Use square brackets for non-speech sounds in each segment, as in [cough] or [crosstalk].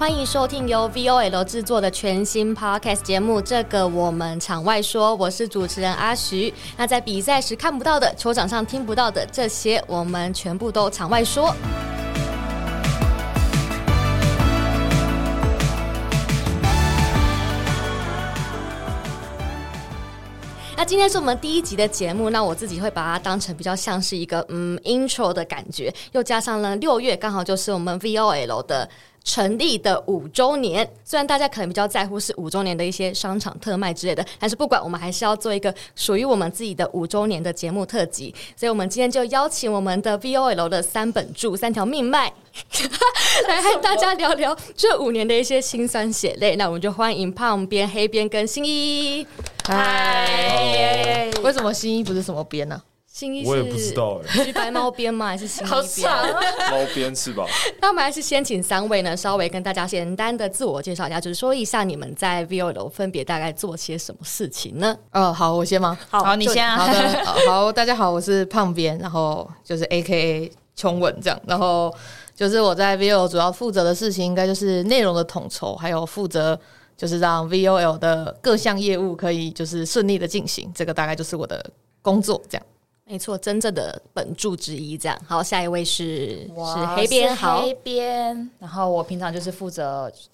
歡迎收聽由 VOL 製作的全新 podcast 節目，這個我們場外說，我是主持人阿徐。那在比賽時看不到的，球場上聽不到的這些，我們全部都場外說。那今天是我們第一集的節目，那我自己會把它當成比較像是一個嗯 intro 的感覺，又加上了六月剛好就是我們 VOL 的，成立的五週年，雖然大家可能比較在乎是五週年的一些商場特賣之類的，但是不管我們還是要做一個屬於我們自己的五週年的節目特輯，所以我們今天就邀請我們的 VOL 的三本柱，三條命脈 [laughs] 來和大家聊聊這五年的一些辛酸血淚。那我們就歡迎胖編、黑編跟新一，嗨，oh！Yeah, yeah, yeah. 為什麼新一不是什麼編呢啊？我也不知道誒，是白貓編嗎？還是新一啊。貓編是吧？那我們還是先請三位呢，稍微跟大家簡單的自我介紹一下，就是說一下你們在 VOL 分別大概做些什麼事情呢？哦、呃，好，我先忙。好，你，你先啊。啊、 [laughs] 呃。好，大家好，我是胖編，然後就是 AKA 瓊文這樣，然後就是我在 VOL 主要負責的事情，應該就是內容的統籌，還有負責就是讓 VOL 的各項業務可以就是順利的進行，這個大概就是我的工作這樣。沒錯，真正的本柱之一，這樣。好，下一位是是黑編，好黑編。然後我平常就是負責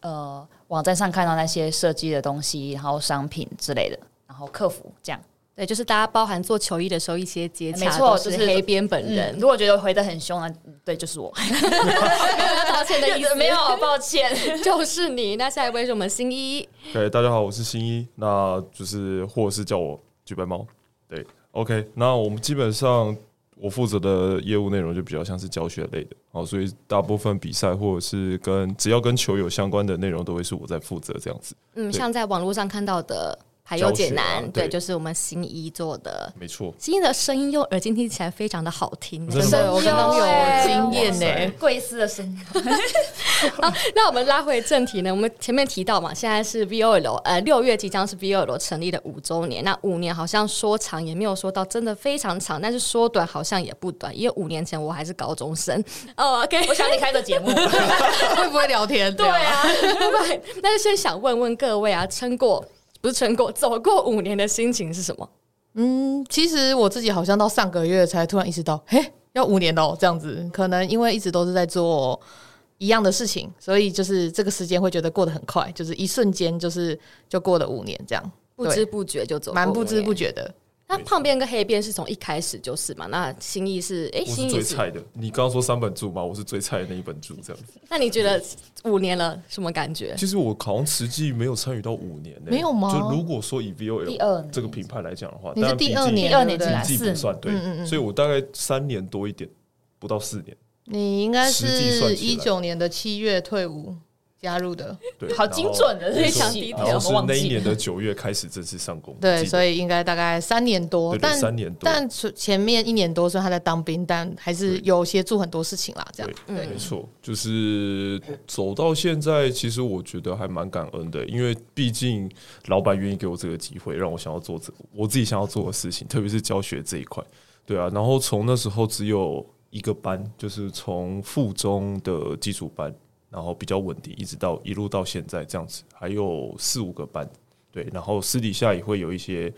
呃網站上看到那些設計的東西，然後商品之類的，然後客服這樣。對，就是大家包含做球衣的時候一些接洽，沒錯，就是黑編本人、嗯。如果覺得回得很凶啊，對，就是我。抱 [laughs] [laughs] 沒有道歉的意思？ [laughs] 沒有，抱歉， [laughs] 就是你。那下一位是我們新一。對、okay，大家好，我是新一，那就是或者是叫我舉白貓，對。OK，那我們基本上我負責的業務內容就比較像是教學類的，所以大部分比賽或者是跟只要跟球友相關的內容都會是我在負責這樣子。嗯，像在網絡上看到的。還有簡單、啊、對，對，對，就是我們新一做的，沒錯。新一的聲音用耳機聽起來非常的好聽，真的，我剛剛有經驗呢、欸。貴司的聲音。 [laughs] [laughs] 好，那我們拉回正題呢。我們前面提到嘛，現在是 V O L，呃，六月即將是 V O L 成立的五周年。那五年好像說長也沒有說到真的非常長，但是說短好像也不短，因為五年前我還是高中生。哦、oh,，OK，我想你開個節目， [laughs] [laughs] 會不會聊天？對啊，不 [laughs] 會對、啊。那 [laughs] 就先想問問各位啊，撐過。不是成功，走過五年的心情是什麼？嗯，其實我自己好像到上個月才突然意識到，嘿，要五年哦？這樣子，可能因為一直都是在做一樣的事情，所以就是這個時間會覺得過得很快，就是一瞬間，就是就過了五年，這樣不知不覺就走過，蠻不知不覺的。那胖編跟黑編是從一開始就是嘛？那新一是哎，新、欸、一是最菜的。你剛剛說三本柱嘛，我是最菜的那一本柱，這樣子。 [laughs] 那你覺得五年了什麼感覺？其實我好像實際沒有參與到五年、欸，沒有嗎？就如果說以 VOL 第二這個品牌來講的話、嗯，你是第二年、第二年進來的，不算對，所以我大概三年多一點，不到四年。你應該是實際算一九年的七月退伍。嗯嗯嗯嗯加入的。好精準的日期。然後是那一年的九月開始正式上工。對，所以應該大概三年多，對對對，但三年多，但前面一年多雖然他在當兵，但還是有些做很多事情啦，這樣，對，對沒錯，就是走到現在，其實我覺得還蠻感恩的，因為畢竟老闆願意給我這個機會，讓我想要做這個，我自己想要做的事情，特別是教學這一塊。對啊，然後從那時候只有一個班，就是從附中的基礎班。然後比較穩定，一直到一路到現在這樣子，還有四五個班，對。然後私底下也會有一些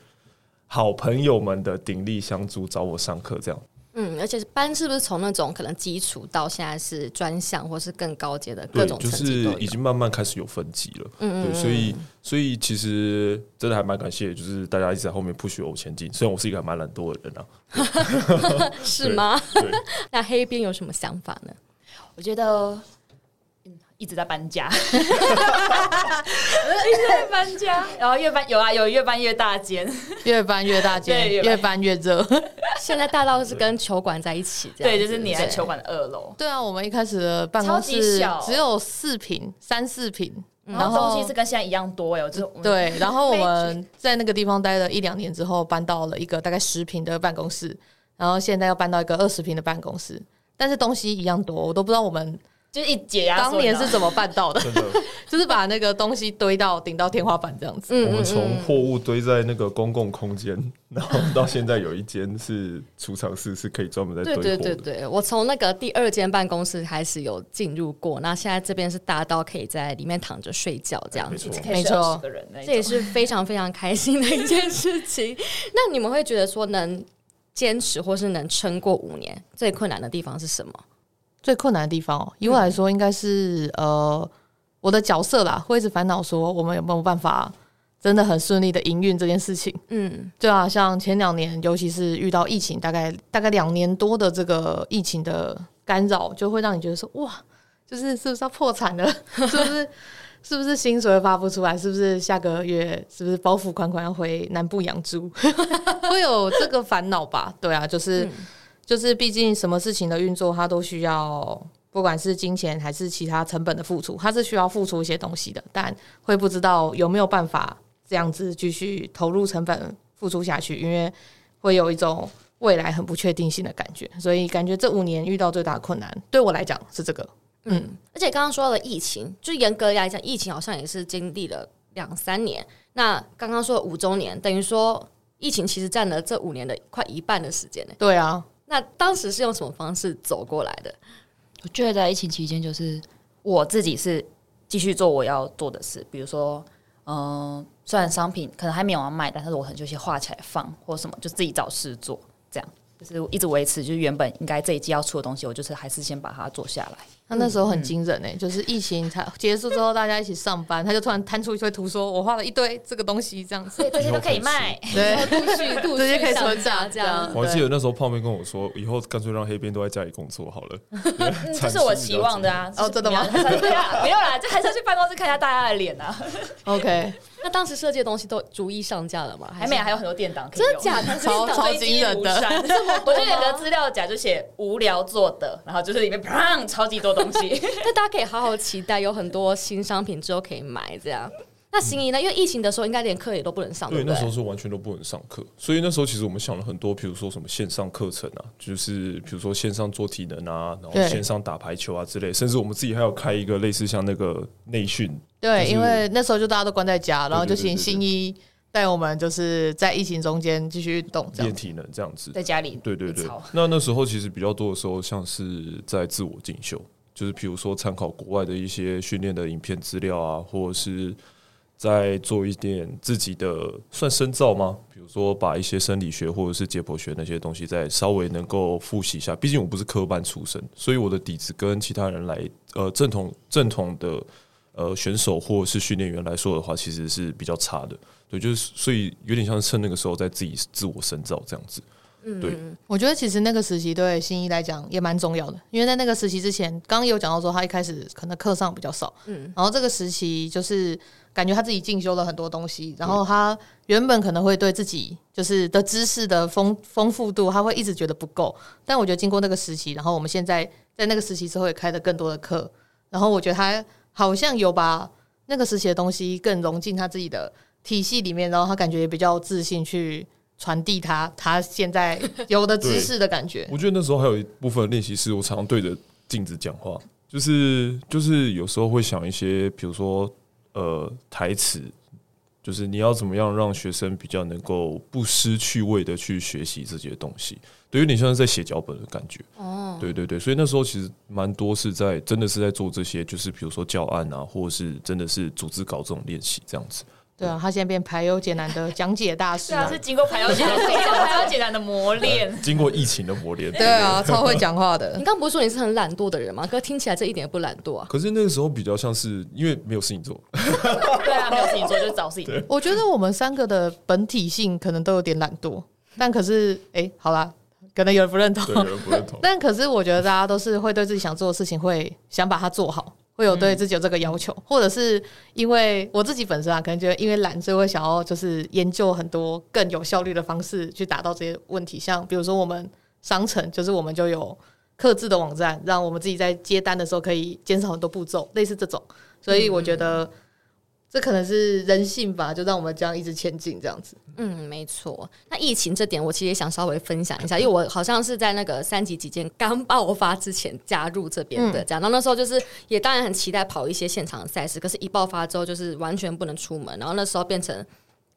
好朋友們的鼎力相助，找我上課這樣。嗯，而且班是不是從那種可能基礎到現在是專項，或是更高階的各種層級都有。對，就是已經慢慢開始有分級了。嗯，嗯，嗯所以所以其實真的還蠻感謝，就是大家一直在後面 push 我前進。雖然我是一個還蠻懶惰的人啊， [laughs] 是嗎？ [laughs] 那黑編有什麼想法呢？我覺得。一直在搬家 [laughs] ， [laughs] 一直在搬家， [laughs] 然後越搬有啊有越搬越大間 [laughs] ，越搬越大間，越搬越熱。 [laughs] 現在大到是跟球館在一起，對，對，就是你在球館的二樓。對，對，對啊，我們一開始的辦公室對對、喔、只有四坪三四坪，然後東西是跟現在一樣多喲、欸。就，嗯欸、就對、嗯，然後我們在那個地方待了一兩年之後，搬到了一個大概十坪的辦公室，然後現在又搬到一個二十坪的辦公室，但是東西一樣多，我都不知道我們。就是、一解壓，當年是怎麼辦到的？ [laughs] 真的 [laughs] 就是把那個東西堆到頂到天花板這樣子。 [laughs] 我們從貨物堆在那個公共空間，然後到現在有一間是儲藏室，是可以專門在堆貨 [laughs] 對對對對，我從那個第二間辦公室開始有進入過，那現在這邊是大到可以在裡面躺着睡覺這樣子、欸，沒錯，這也是非常非常開心的一件事情。 [laughs] 那你們會覺得說能堅持或是能撐過五年，最困難的地方是什麼？最困難的地方哦，以我來說嗯，應該是呃，我的角色啦，會一直煩惱說我們有沒有辦法真的很順利的營運這件事情。嗯，對啊，像前兩年，尤其是遇到疫情，大概大概兩年多的這個疫情的干擾，就會讓你覺得說哇，就是是不是要破產了？ [laughs] 是不是是不是薪水發不出來？是不是下個月是不是包袱款款要回南部養豬？ [laughs] 會有這個煩惱吧？對啊，就是。嗯就是，畢竟什麼事情的運作，它都需要，不管是金錢還是其他成本的付出，它是需要付出一些東西的，但會不知道有沒有辦法這樣子繼續投入成本付出下去，因為會有一種未來很不確定性的感覺，所以感覺這五年遇到最大的困難，對我來講是這個。嗯，嗯，而且剛剛說到的疫情，就嚴格來講，疫情好像也是經歷了兩三年。那剛剛說的五周年，等於說疫情其實占了這五年的快一半的時間呢、欸。對啊。那當時是用什麼方式走過來的？我覺得在疫情期間，就是我自己是繼續做我要做的事，比如說，嗯，雖然商品可能還沒有要賣，但是我很就先畫起來放或什麼，就自己找事做，這樣就是一直維持，就是原本應該這一季要出的東西，我就是還是先把它做下來。那那時候很驚人呢、欸嗯，就是疫情才結束之後大家一起上班，他就突然攤出一堆圖，說我畫了一堆這個東西，這樣子這些都可以賣，對，直接 [laughs] 對 [laughs] 可以存在這樣。我記得那時候胖編跟我說，以後乾脆讓黑編都在家裡工作好了， [laughs] 嗯、這是我期望的啊。哦，真的嗎？ [laughs] 對、啊？沒有啦，就還是要去辦公室看一下大家的臉啊。OK， [laughs] 那當時設計的東西都逐一上架了嘛？還沒、啊，還有很多店檔可以真的假的？超、超級驚人的。我就得有個資料夾就寫無聊做的，然後就是裡面砰，超級多。東西，那大家可以好好期待，有很多新商品，之後可以買。這樣，那新一呢？嗯？因為疫情的時候，應該連課也都不能上對不對？對，那時候是完全都不能上課，所以那時候其實我們想了很多，比如說什麼線上課程啊，就是比如說線上做體能啊，然後線上打排球啊之類。甚至我們自己還要開一個類似像那個內訓。對、就是，因為那時候就大家都關在家，然後就請新一帶我們，就是在疫情中間繼續運動練體能，這樣子，這樣子在家裡。對對對。那那時候其實比較多的時候，像是在自我進修。就是比如說參考國外的一些訓練的影片資料啊，或者是再做一點自己的算深造嗎？比如說把一些生理學或者是解剖學那些東西再稍微能夠複習一下。畢竟我不是科班出身，所以我的底子跟其他人來呃正統正統的呃選手或者是訓練員來說的話，其實是比較差的。對，就是所以有點像是趁那個時候在自己自我深造這樣子。對，我覺得其實那個時期對新一來講也蠻重要的，因為在那個時期之前，剛剛有講到說他一開始可能課上比較少，嗯，然後這個時期就是感覺他自己進修了很多東西，然後他原本可能會對自己就是的知識的豐豐富度，他會一直覺得不夠，但我覺得經過那個時期，然後我們現在在那個時期之後也開了更多的課，然後我覺得他好像有把那個時期的東西更融進他自己的體系裡面，然後他感覺也比較自信去。傳遞他他現在有的知識的感覺。我覺得那時候還有一部分練習是，我常常對着鏡子講話，就是就是有時候會想一些，比如說呃台詞，就是你要怎麼樣讓學生比較能夠不失趣味的去學習這些東西，對，有點像是在寫腳本的感覺。哦，對對對，所以那時候其實蠻多是在真的是在做這些，就是比如說教案啊，或者是真的是組織搞這種練習這樣子。對啊，他現在變排憂解難的講解大師。啊，他 [laughs] 是經過排憂解難、啊、 [laughs] 的磨練 [laughs] 經過疫情的磨練。對啊，超會講話的。 [laughs] 你剛不是說你是很懶惰的人嗎？可是聽起來這一點也不懶惰啊。可是那個時候比較像是因為沒有事情做。 [laughs] 對啊，沒有事情做就是、找事情。 [laughs] 我覺得我們三個的本體性可能都有點懶惰，但可是哎、欸，好啦，可能有人不認同，對，有人不認同。 [laughs] 但可是我覺得大家都是會對自己想做的事情會想把它做好。會有對自己有這個要求，嗯，或者是因為我自己本身啊，可能覺得因為懶，所以會想要就是研究很多更有效率的方式去達到這些問題。像比如說我們商城，就是我們就有客製的網站，讓我們自己在接單的時候可以減少很多步驟，類似這種。所以我覺得。這可能是人性吧，就讓我們這樣一直前進，這樣子。嗯，沒錯。那疫情這點，我其實也想稍微分享一下，因為我好像是在那個三級警戒剛爆發之前加入這邊的，講、嗯、到然後那時候就是也當然很期待跑一些現場的賽事，可是，一爆發之後就是完全不能出門。然後那時候變成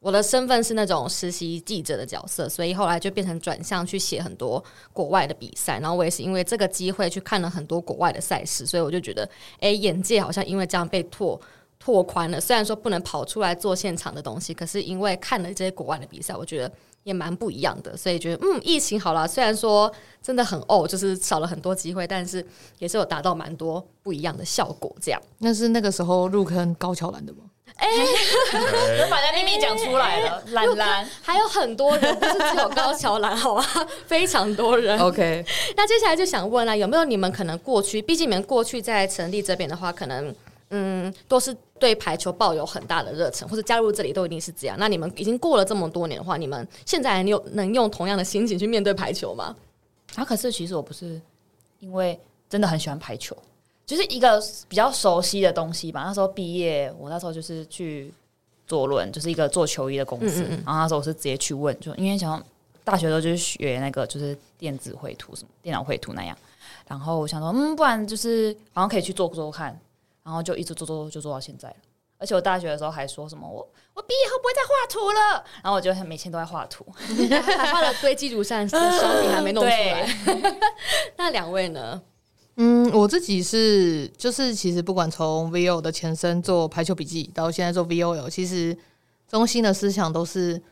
我的身份是那種實習記者的角色，所以後來就變成轉向去寫很多國外的比賽。然後我也是因為這個機會去看了很多國外的賽事，所以我就覺得，哎，眼界好像因為這樣被拓。拓寬了，雖然說不能跑出來做現場的東西，可是因為看了這些國外的比賽，我覺得也蠻不一樣的，所以覺得，嗯，疫情好了，雖然說真的很哦，就是少了很多機會，但是也是有達到蠻多不一樣的效果。這樣，那是那個時候入坑高橋蘭的嗎？哎、欸，把 [laughs] 它 [laughs] 秘密講出來了，蘭、欸、蘭還有很多人，不是只有高橋蘭， [laughs] 好吧？非常多人。OK，那接下來就想問了，有沒有你們可能過去？畢竟你們過去在成立這邊的話，可能。嗯，都是對排球抱有很大的熱忱，或者加入這裡都一定是這樣。那你們已經過了這麼多年的話，你們現在還有能用同樣的心情去面對排球嗎？啊，可是其實我不是，因為真的很喜歡排球，就是一個比較熟悉的東西吧。那時候畢業，我那時候就是去做論，就是一個做球衣的公司嗯嗯嗯。然後那時候我是直接去問，就因為想像大學的時候就是學那個就是電子繪圖什麼，嗯、電腦繪圖那樣。然後我想說，嗯，不然就是好像可以去做做看。然後就一直做做做，就做到現在了。而且我大學的時候還說什麼我我畢業以後不會再畫圖了，然後我就每天都在畫圖，畫了堆積如山，手筆還沒弄出來。 [laughs] 對笑那兩位呢？嗯，我自己是就是其實不管從 VOL 的前身做排球筆記，到現在做 VOL，其實中心的思想都是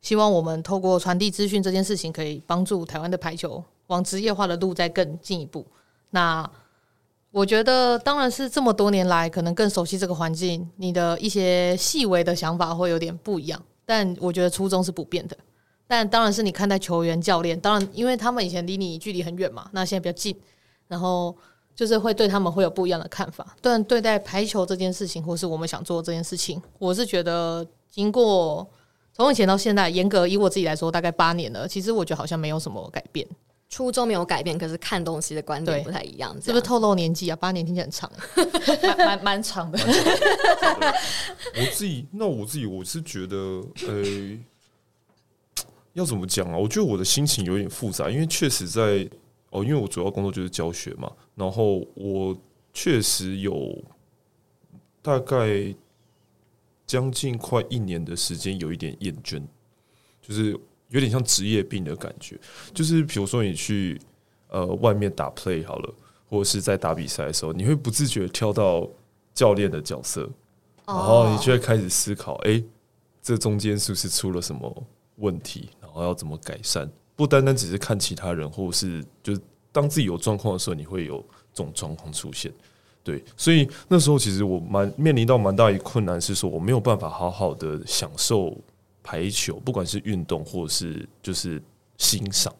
希望我們透過傳遞資訊這件事情，可以幫助台灣的排球往職業化的路再更進一步。那我覺得當然是這麼多年來，可能更熟悉這個環境，你的一些細微的想法會有點不一樣。但我覺得初衷是不變的。但當然是你看待球員、教練，當然因為他們以前離你距離很遠嘛，那現在比較近，然後就是會對他們會有不一樣的看法。但對待排球這件事情，或是我們想做這件事情，我是覺得經過從以前到現在，嚴格以我自己來說，大概八年了，其實我覺得好像沒有什麼改變。初衷沒有改變，可是看東西的觀點不太一樣，這樣。是不是透露年紀啊？八年聽起來很長，蠻 [laughs] 蠻長，的，長的，的。我自己，那我自己，我是覺得，呃、欸， [laughs] 要怎麼講啊？我覺得我的心情有點複雜，因為確實在哦，因為我主要工作就是教學嘛，然後我確實有大概將近快一年的時間有一點厭倦，就是。有點像職業病的感覺，就是比如說你去呃外面打 play 好了，或者是在打比賽的時候，你會不自覺跳到教練的角色，然後你就會開始思考：欸，這中間是不是出了什麼問題？然後要怎麼改善？不單單只是看其他人，或者是就是當自己有狀況的時候，你會有這種狀況出現。對，所以那時候其實我蠻面臨到蠻大一困難，是說我沒有辦法好好的享受。排球，不管是運動，或是就是欣賞，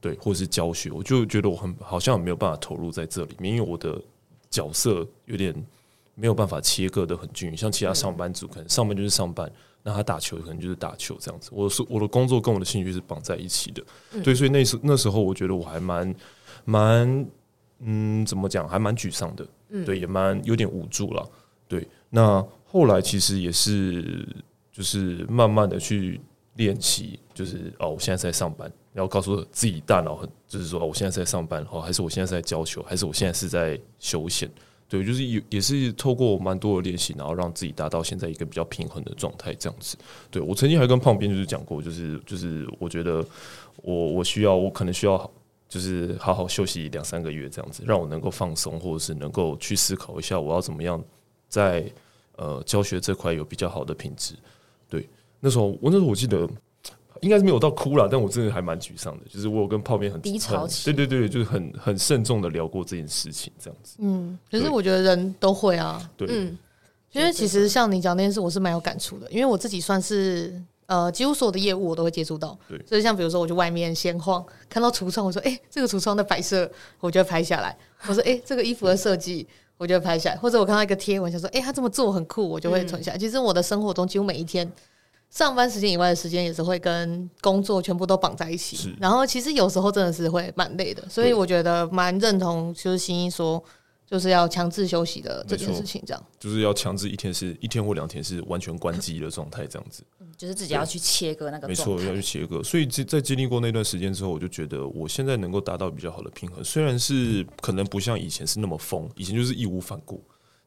對，或是教學，我就覺得我很好像也沒有辦法投入在這裡面，因為我的角色有點沒有辦法切割的很均勻。像其他上班族，可能上班就是上班，嗯，那他打球可能就是打球這樣子。我我的工作跟我的興趣是綁在一起的，嗯，對，所以那時那時候我覺得我還蠻蠻嗯，怎麼講，還蠻沮喪的，嗯，對，也蠻有點無助了。對，那後來其實也是。就是慢慢的去練習，就是哦、啊，我現在在上班，然後告訴自己大腦，就是說、啊，我現在在上班好，還是我現在在教球，還是我現在是在休閒？對，就是也也是透過蠻多的練習，然後讓自己達到現在一個比較平衡的狀態，這樣子。對，我曾經還跟胖編就是講過，就是就是我覺得我我需要我可能需要就是好好休息兩三個月這樣子，讓我能夠放鬆，或者是能夠去思考一下，我要怎麼樣在呃教學這塊有比較好的品質。那時候，我那時候我記得應該是沒有到哭了，但我真的還蠻沮喪的。就是我有跟胖編很低潮期很，對對對，就是很很慎重的聊過這件事情這樣子。嗯，可是我覺得人都會啊，對，嗯、因為其實像你講那件事，我是蠻有感觸的。因為我自己算是呃，幾乎所有的業務我都會接觸到對，所以像比如說我去外面閒晃，看到櫥窗，我說哎、欸，這個櫥窗的擺設，我就拍下來；我說哎、欸，這個衣服的設計， [laughs] 我,欸這個、我就拍下來；或者我看到一個貼文，想說哎，他、欸、這麼做很酷，我就會存下來、嗯。其實我的生活中，幾乎每一天。上班時間以外的時間也是會跟工作全部都綁在一起，然後其實有時候真的是會蠻累的，所以我覺得蠻認同，就是新一說就是要強制休息的這件事情，這樣就是要強制一天是一天或兩天是完全關機的狀態，這樣子、嗯，就是自己要去切割那個，沒錯，要去切割。所以在經歷過那段時間之後，我就覺得我現在能夠達到比較好的平衡，雖然是可能不像以前是那麼瘋，以前就是義無反顧。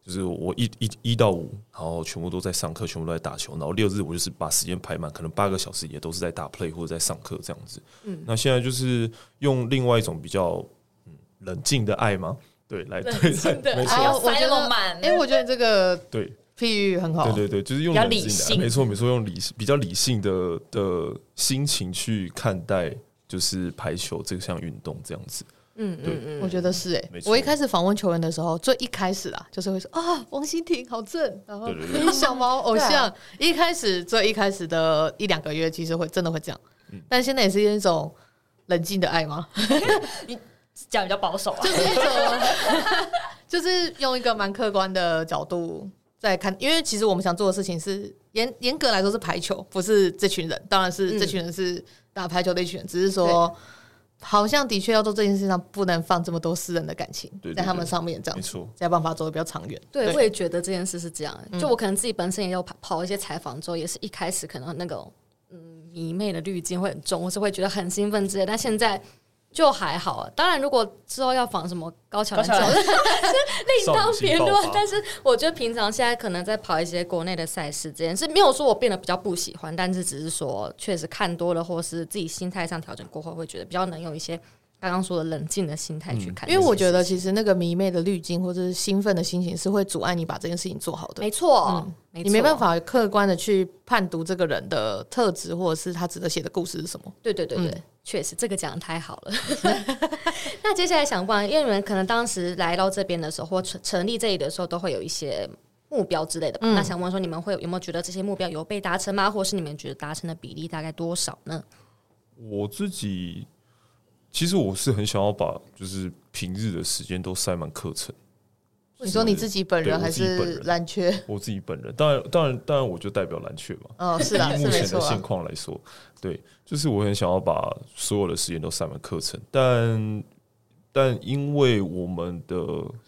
就是我一一一到五，然後全部都在上課，全部都在打球，然後六日我就是把時間排滿，可能八個小時也都是在打 play 或者在上課這樣子。嗯，那現在就是用另外一種比較、嗯、冷靜的愛嗎？對，來，冷靜的對，來，對，來對，沒錯，塞那麼滿。哎、欸，我覺得這個對，譬喻很好。對對對，就是用冷靜的愛比較理性，沒錯沒錯，用理比較理性的的心情去看待就是排球這項、個、運動這樣子。嗯，對嗯，我覺得是哎、欸。我一開始訪問球員的時候，最一開始啊，就是會說啊，王心婷好正，然後小毛偶像，對對對、嗯，一開始最一開始的一兩個月，其實會真的會這樣。啊、但現在也是用一種冷靜的愛嗎？ [laughs] 你講比較保守啊，就是那種， [laughs] 就是用一個蠻客觀的角度在看，因為其實我們想做的事情是嚴嚴格來說是排球，不是這群人，當然是這群人是打排球的一群人，只是說。好像的確要做這件事上，不能放這麼多私人的感情對對對，在他們上面，這樣沒錯。這樣辦法做得比較長遠。對，我也覺得這件事是這樣。就我可能自己本身也有跑，跑一些採訪，之後、嗯、也是一開始可能那種嗯迷妹的濾鏡會很重，我是會覺得很興奮之類。但現在。就還好，啊，當然如果之後要訪什麼高橋那種，另當別論。但是我覺得平常現在可能在跑一些國內的賽事，這件事沒有說我變得比較不喜歡，但是只是說確實看多了，或是自己心態上調整過後，會覺得比較能有一些。剛剛說的冷靜的心態去看。嗯，因為我覺得其實那個迷妹的濾鏡或者是興奮的心情是會阻礙你把這件事情做好的沒。嗯。沒錯，你沒辦法客觀的去判讀這個人的特質或者是他值得寫的故事是什麼。嗯。對對對對，確、嗯、實這個講得太好了。 [laughs] [laughs] [laughs] 那接下來想問，因為你們可能當時來到這邊的時候或成成立這裡的時候，都會有一些目標之類的吧。吧、嗯？那想問說，你們會有沒有覺得這些目標有被達成嗎？或者是你們覺得達成的比例大概多少呢？我自己。其實我是很想要把，就是平日的時間都塞滿課程。你說你自己本人，是？我自己本人還是藍雀？我自己本人，當然，當然，當然，我就代表藍雀嘛。嗯、哦，是的、啊，目前的現況來說，是沒錯啊，對，就是我很想要把所有的時間都塞滿課程，但但因為我們的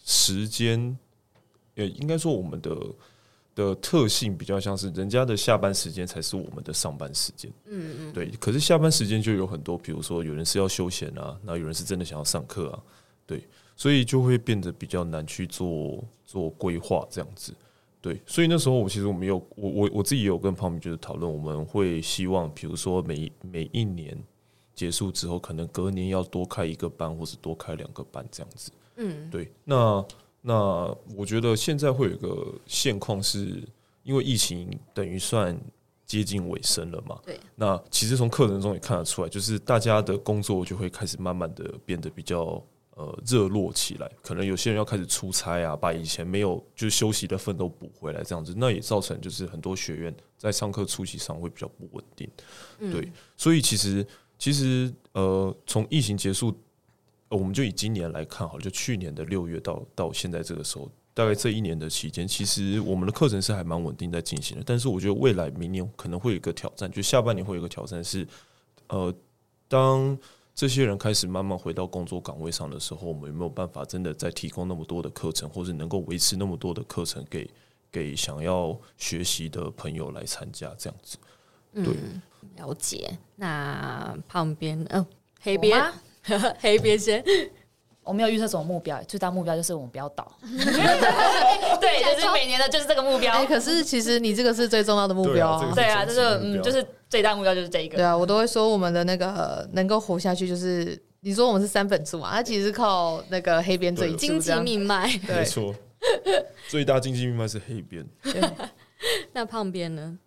時間，也應該說我們的。的特性比較像是人家的下班時間才是我們的上班時間，嗯嗯，對。可是下班時間就有很多，比如說有人是要休閒啊，那有人是真的想要上課啊，對，所以就會變得比較難去做做規劃這樣子，對。所以那時候我其實我們有我我我自己也有跟胖米就是討論，我們會希望比如說每每一年結束之後，可能隔年要多開一個班，或是多開兩個班這樣子，嗯，對。那那我覺得現在會有一個現況，是因為疫情等於算接近尾聲了嘛？對。那其實從課程中也看得出來，就是大家的工作就會開始慢慢的變得比較呃熱絡起來。可能有些人要開始出差啊，把以前沒有就休息的份都補回來，這樣子，那也造成就是很多學員在上課出席上會比較不穩定。嗯。對，所以其實其實呃，從疫情結束。我們就以今年來看，好，就去年的六月到到現在這個時候，大概這一年的期間，其實我們的課程是還蠻穩定在進行的。但是我覺得未來明年可能會有一個挑戰，就下半年會有一個挑戰是，呃，當這些人開始慢慢回到工作崗位上的時候，我們有沒有辦法真的再提供那麼多的課程，或是能夠維持那麼多的課程給給想要學習的朋友來參加，這樣子。對。嗯，了解。那胖編，嗯、呃，黑編。 [laughs] 黑編編先 [laughs] ，我沒有預測什麼目標，最大目標就是我們不要倒。 [laughs] [laughs] 對，就是每年的，就是這個目標、 [laughs] 欸。可是其實你這個是最重要的目標、啊，對啊，這個、啊就是這個、嗯，就是最大目標就是這個。對啊，我都會說我們的那個、呃、能夠活下去，就是你說我們是三本柱嘛。它、啊、其實是靠那個黑編最對經濟命脈，沒錯，最大經濟命脈是黑編。 [laughs] 對 [laughs] 那胖編呢？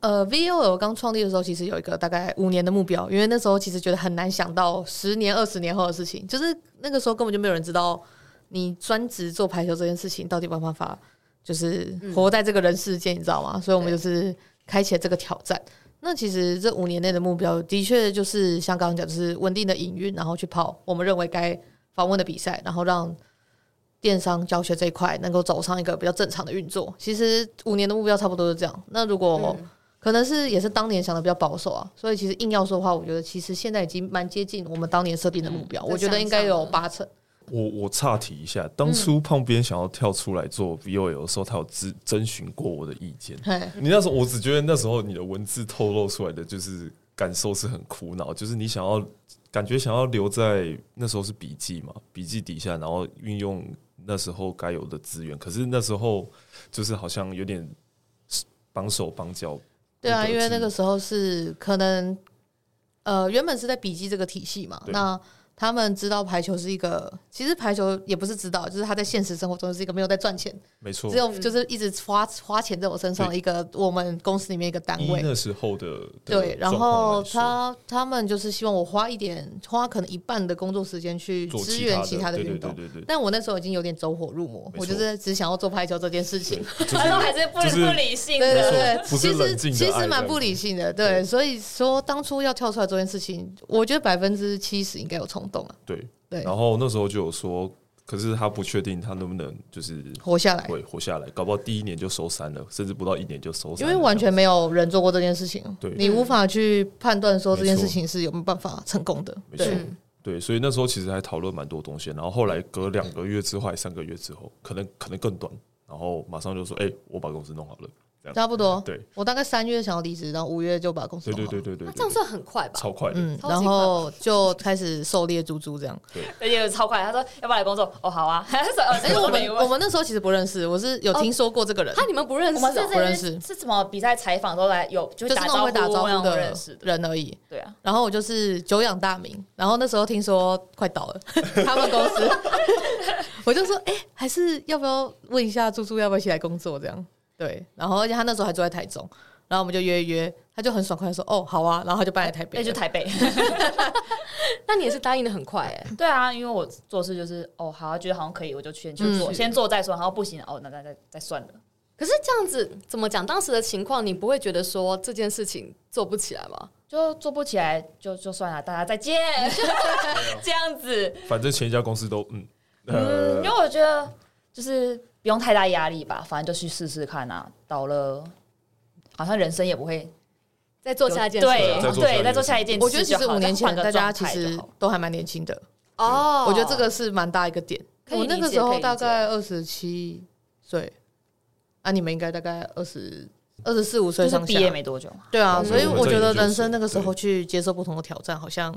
呃，VOL 我剛創立的時候，其實有一個大概五年的目標，因為那時候其實覺得很難想到十年、二十年後的事情，就是那個時候根本就沒有人知道，你專職做排球這件事情到底有辦法，就是活在這個人世間、嗯，你知道嗎？所以我們就是開啟了這個挑戰。那其實這五年內的目標，的確就是像剛剛講，就是穩定的營運，然後去跑我們認為該訪問的比賽，然後讓電商教學這一塊能夠走上一個比較正常的運作。其實五年的目標差不多是這樣。那如果可能是也是當年想的比較保守啊，所以其實硬要說的話，我覺得其實現在已經蠻接近我們當年設定的目標。我覺得應該有八成，嗯想想我有成我。我我岔提一下，當初胖編想要跳出來做 VOL 的時候，嗯、他有諮徵詢過我的意見。你那時候，我只覺得那時候你的文字透露出來的就是感受是很苦惱，就是你想要感覺想要留在那時候是筆記嘛，筆記底下然後運用那時候該有的資源，可是那時候就是好像有點綁手綁腳。對啊，因為那個時候是可能，呃，原本是在筆記這個體系嘛，那。他們知道排球是一個，其實排球也不是知道，就是他在現實生活中是一個沒有在賺錢，沒錯，只有就是一直花花錢在我身上的一個我們公司裡面一個單位。那時候的。對，然後他他們就是希望我花一點，花可能一半的工作時間去支援其他的運動的，對對，對，對。但我那時候已經有點走火入魔，我就是只想要做排球這件事情，然後還是不理性的，對對對，其實其實蠻不理性的，對。所以說當初要跳出來做這件事情，我覺得百分之七十應該有衝。懂了，對對，然後那時候就有說，可是他不確定他能不能就是活下來，會活下來，搞不好第一年就收山了，甚至不到一年就收了，因為完全沒有人做過這件事情，對，你無法去判斷說這件事情是有沒有辦法成功的，沒錯，對，所以那時候其實還討論蠻多東西，然後後來隔兩個月之後、三個月之後，可能可能更短，然後馬上就說，哎、欸，我把公司弄好了。差不多、嗯，對，我大概三月想要離職，然後五月就把公司好。對那、啊、這樣算很快吧？超快，嗯，然後就開始狩獵朱朱這樣，對，對也有超快。他說要不要來工作？哦，好啊。還是沒問、欸、我們我們那時候其實不認識，我是有聽說過這個人。哦、他你們不認識？不認識？是什麼比賽採訪都來有就會打招呼、就是、會打招呼的人的的人而已。對啊。然後我就是久仰大名，然後那時候聽說快倒了， [laughs] 他們公司， [laughs] [laughs] 我就說，哎、欸，還是要不要問一下朱朱要不要一起來工作這樣？對，然後而且他那時候還住在台中，然後我們就約一約，他就很爽快地說：“哦，好啊。”然後他就搬來台北，那就台北。 [laughs] [laughs] [laughs] 那你也是答應的很快哎、欸。 [laughs] 對啊，因為我做事就是哦好，覺得好像可以，我就先去做，嗯、先做再說。然後不行哦，那那再再算了。可是這樣子怎麼講？當時的情況，你不會覺得說這件事情做不起來嗎？就做不起來就就算了，大家再見， [laughs] [laughs] [laughs] 這樣子。反正前一家公司都嗯嗯、呃，因為我覺得 [laughs] 就是。不用太大壓力吧，反正就去試試看啊。倒了，好像人生也不會再做下一件事。對。對對，再做下一件事。我覺得其實五年前大家其實都還蠻年輕的哦、嗯。我覺得這個是蠻大一個點。我那個時候大概二十七歲啊，你們應該大概二十二十四五歲上下，就是畢業沒多久。對啊，所以我覺得人生那個時候去接受不同的挑戰，好像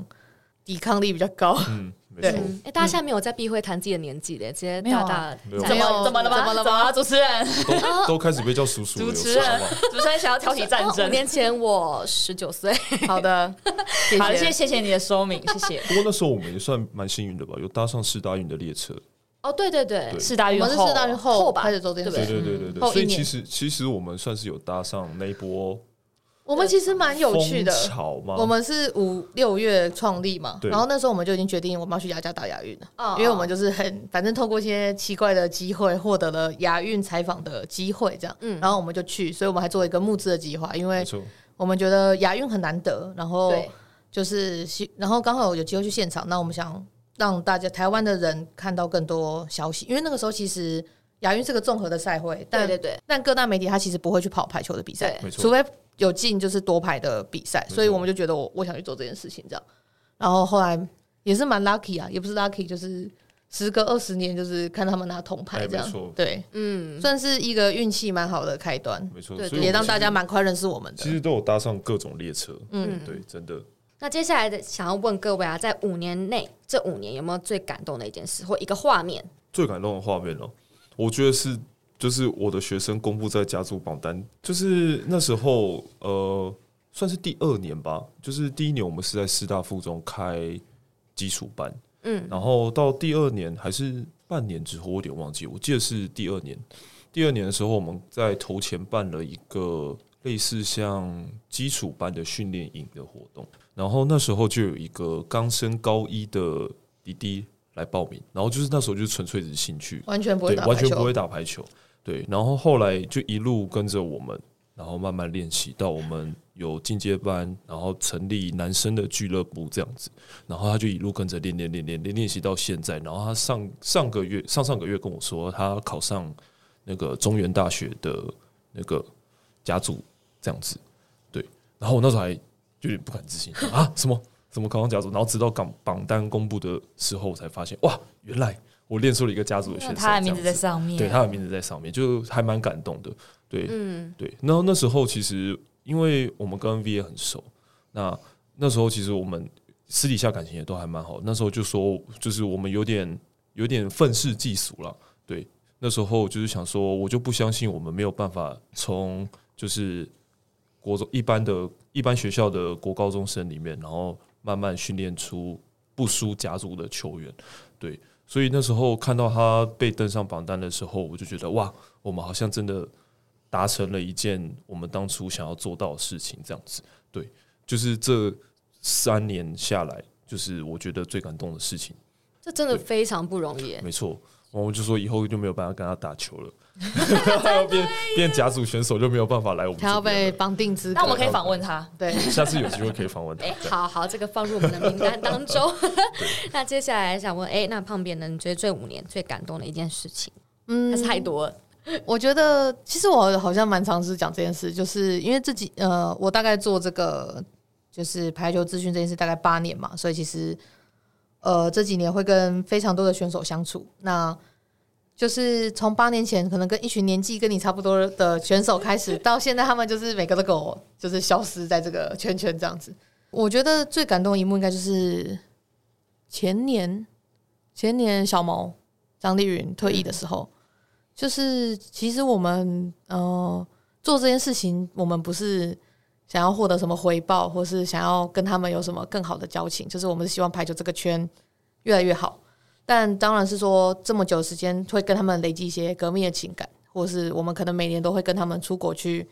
抵抗力比較高。嗯對，哎、嗯，欸、大家現在沒有在避諱談自己的年紀嘞，直接大大、啊、怎麼怎麼，吧怎麼了嗎？怎麼了？主持人都、哦，都開始被叫叔叔了。主持人好好，主持人想要挑起戰爭。五、哦、年前我十九歲，好的，好謝謝好謝，謝，謝謝你的說明，謝謝。不過那時候我們也算蠻幸運的吧，有搭上世大運的列車。哦，對對對、對，世大運，我們是世大運後、後吧，開始做這件事。對對對對對，所以其實其實我們算是有搭上那一波。我們其實蠻有趣的，我們是五六月創立嘛，然後那時候我們就已經決定我們要去雅加達亞運了，因為我們就是很，反正透過一些奇怪的機會獲得了亞運採訪的機會，這樣，然後我們就去，所以我們還做一個募資的計劃，因為我們覺得亞運很難得，然後就是，然後剛好有機會去現場，那我們想讓大家，台灣的人看到更多消息，因為那個時候其實。亞運是個綜合的賽會，對，對對對，但各大媒體他其實不會去跑排球的比賽，除非有進就是多排的比賽，所以我們就覺得我我想去做這件事情這樣，然後後來也是蠻 lucky 啊，也不是 lucky，就是時隔二十年，就是看他們拿銅牌這樣。欸，對，嗯，算是一個運氣蠻好的開端，沒錯，對、對、對，也讓大家蠻快認識我們的，其實都有搭上各種列車，嗯，對，真的。那接下來的想要問各位啊，在五年內，這五年有沒有最感動的一件事或一個畫面？最感動的畫面嘍、喔。我覺得是，就是我的學生公布在家族榜單，就是那時候，呃，算是第二年吧。就是第一年我們是在師大附中開基礎班，嗯，然後到第二年還是半年之後，我有點忘記。我記得是第二年，第二年的時候我們在頭前辦了一個類似像基礎班的訓練營的活動，然後那時候就有一個剛升高一的弟弟，來報名，然後就是那時候就純粹是興趣，完全不會打排球，對，完全不會打排球，對。然後後來就一路跟着我們，然後慢慢練習到我們有進階班，然後成立男生的俱樂部這樣子。然後他就一路跟着練練練練練練習到現在。然後他上上個月上上個月跟我說，他考上那個中原大學的那個甲組，這樣子。對，然後我那時候還就有點不敢置信 [laughs] 啊，什麼？怎麼考上甲級？然後直到榜榜單公布的時候，我才發現哇，原來我練出了一個甲級的選手。他的名字在上面。嗯，對，他的名字在上面，就還蠻感動的。對，嗯，對。然後那時候其實因為我們跟 V 也很熟，那那時候其實我們私底下感情也都還蠻好。那時候就說，就是我們有點有點憤世嫉俗了。對，那時候就是想說，我就不相信我們沒有辦法從就是國中一般的、一般學校的國高中生裡面，然後慢慢訓練出不輸家族的球員。對，所以那時候看到他被登上榜單的時候，我就覺得哇，我們好像真的達成了一件我們當初想要做到的事情，這樣子，對，就是這三年下來，就是我覺得最感動的事情。這真的非常不容易，沒錯。我們就說以後就沒有辦法跟他打球了 [laughs] 變，他 [laughs] 變變甲組選手就沒有辦法來我們。他要被綁定資格，那我們可以訪問他。對， [laughs] 下次有機會可以訪問他。哎、欸，好好，這個放入我們的名單當中。 [laughs] [laughs] 那接下來想問，哎、欸，那胖編呢？你覺得這五年最感動的一件事情？嗯，太多了、嗯。我覺得其實我好像蠻常是講這件事，就是因為自己呃，我大概做這個就是排球資訊這件事大概八年嘛，所以其實。呃，這幾年會跟非常多的選手相處，那就是從八年前可能跟一群年紀跟你差不多的選手開始， [laughs] 到現在他們就是每個都狗就是消失在這個圈圈這樣子。我覺得最感動的一幕應該就是前年，前年小毛張麗雲退役的時候，嗯、就是其實我們呃做這件事情，我們不是。想要獲得什麼回報，或是想要跟他們有什麼更好的交情，就是我們希望排球這個圈越來越好。但當然是說，這麼久的時間會跟他們累積一些革命的情感，或是我們可能每年都會跟他們出國去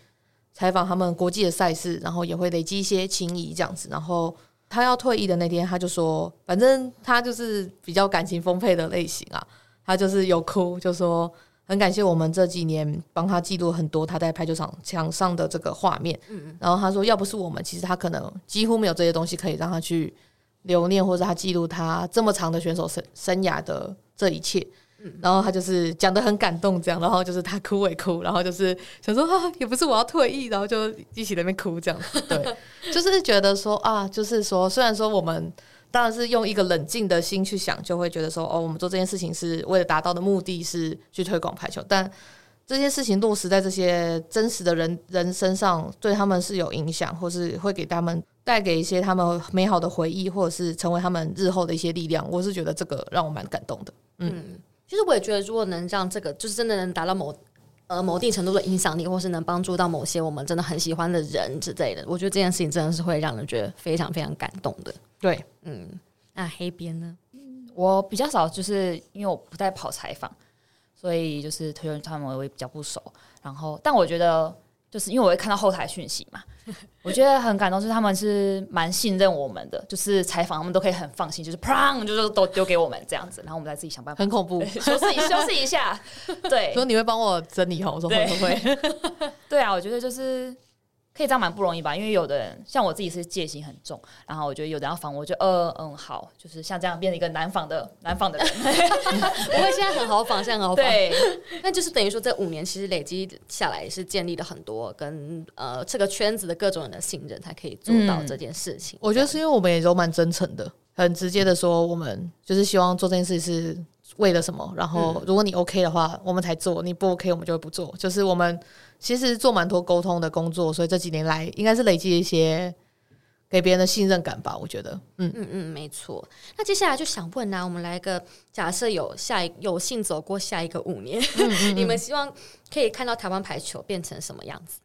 採訪他們國際的賽事，然後也會累積一些情誼這樣子。然後他要退役的那天，他就說，反正他就是比較感情豐沛的類型啊，他就是有哭，就說。很感謝我們這幾年幫他記錄很多他在排球場上的這個畫面，嗯、然後他說，要不是我們，其實他可能幾乎沒有這些東西可以讓他去留念，或者他記錄他這麼長的選手生生涯的這一切。然後他就是講得很感動，這樣，然後就是他哭也哭，然後就是想說啊，也不是我要退役，然後就一起在那邊哭這樣， [laughs] 對，就是覺得說啊，就是說雖然說我們。當然是用一個冷靜的心去想，就會覺得說，哦，我們做這件事情是為了達到的目的是去推廣排球，但這些事情落實在這些真實的人人身上，對他們是有影響，或是會給他們帶給一些他們美好的回憶，或者是成為他們日後的一些力量。我是覺得這個讓我蠻感動的。嗯，嗯其實我也覺得，如果能讓這個就是真的能達到某呃某一定程度的影響力，或是能幫助到某些我們真的很喜歡的人之類的，我覺得這件事情真的是會讓人覺得非常非常感動的。對，嗯，那黑邊呢？我比較少，就是因為我不太跑採訪，所以就是推他們我也比較不熟。然後，但我覺得，就是因為我會看到後台訊息嘛， [laughs] 我覺得很感動，是他們是蠻信任我們的，就是採訪他們都可以很放心，就是砰，就是都丟給我們這樣子，然後我們再自己想辦法。很恐怖，修飾一下，修飾一下。對，所 [laughs] 以你會幫我整理哦，喔。我說會不會？對， [laughs] 對啊，我覺得就是。可以這樣，蠻不容易吧？因為有的人，像我自己是戒心很重，然後我覺得有的人要防我就，就、呃、嗯嗯好，就是像這樣變成一個難防的難防的人。不 [laughs] 過現在很好防，現在很好防。對，那就是等於說，這五年其實累積下來是建立了很多跟呃這個圈子的各種人的信任，才可以做到這件事情，嗯。我覺得是因為我們也都蠻真誠的，很直接的說，我們就是希望做這件事情是為了什麼。然後，如果你 OK 的話，我們才做；你不 OK，我們就不做。就是我們。其實做蠻多溝通的工作，所以這幾年來應該是累積一些給別人的信任感吧。我覺得，嗯嗯嗯，沒錯。那接下來就想問呢、啊，我們來一個假設，有下一有幸走過下一個五年，嗯嗯、 [laughs] 你們希望可以看到台灣排球變成什麼樣子？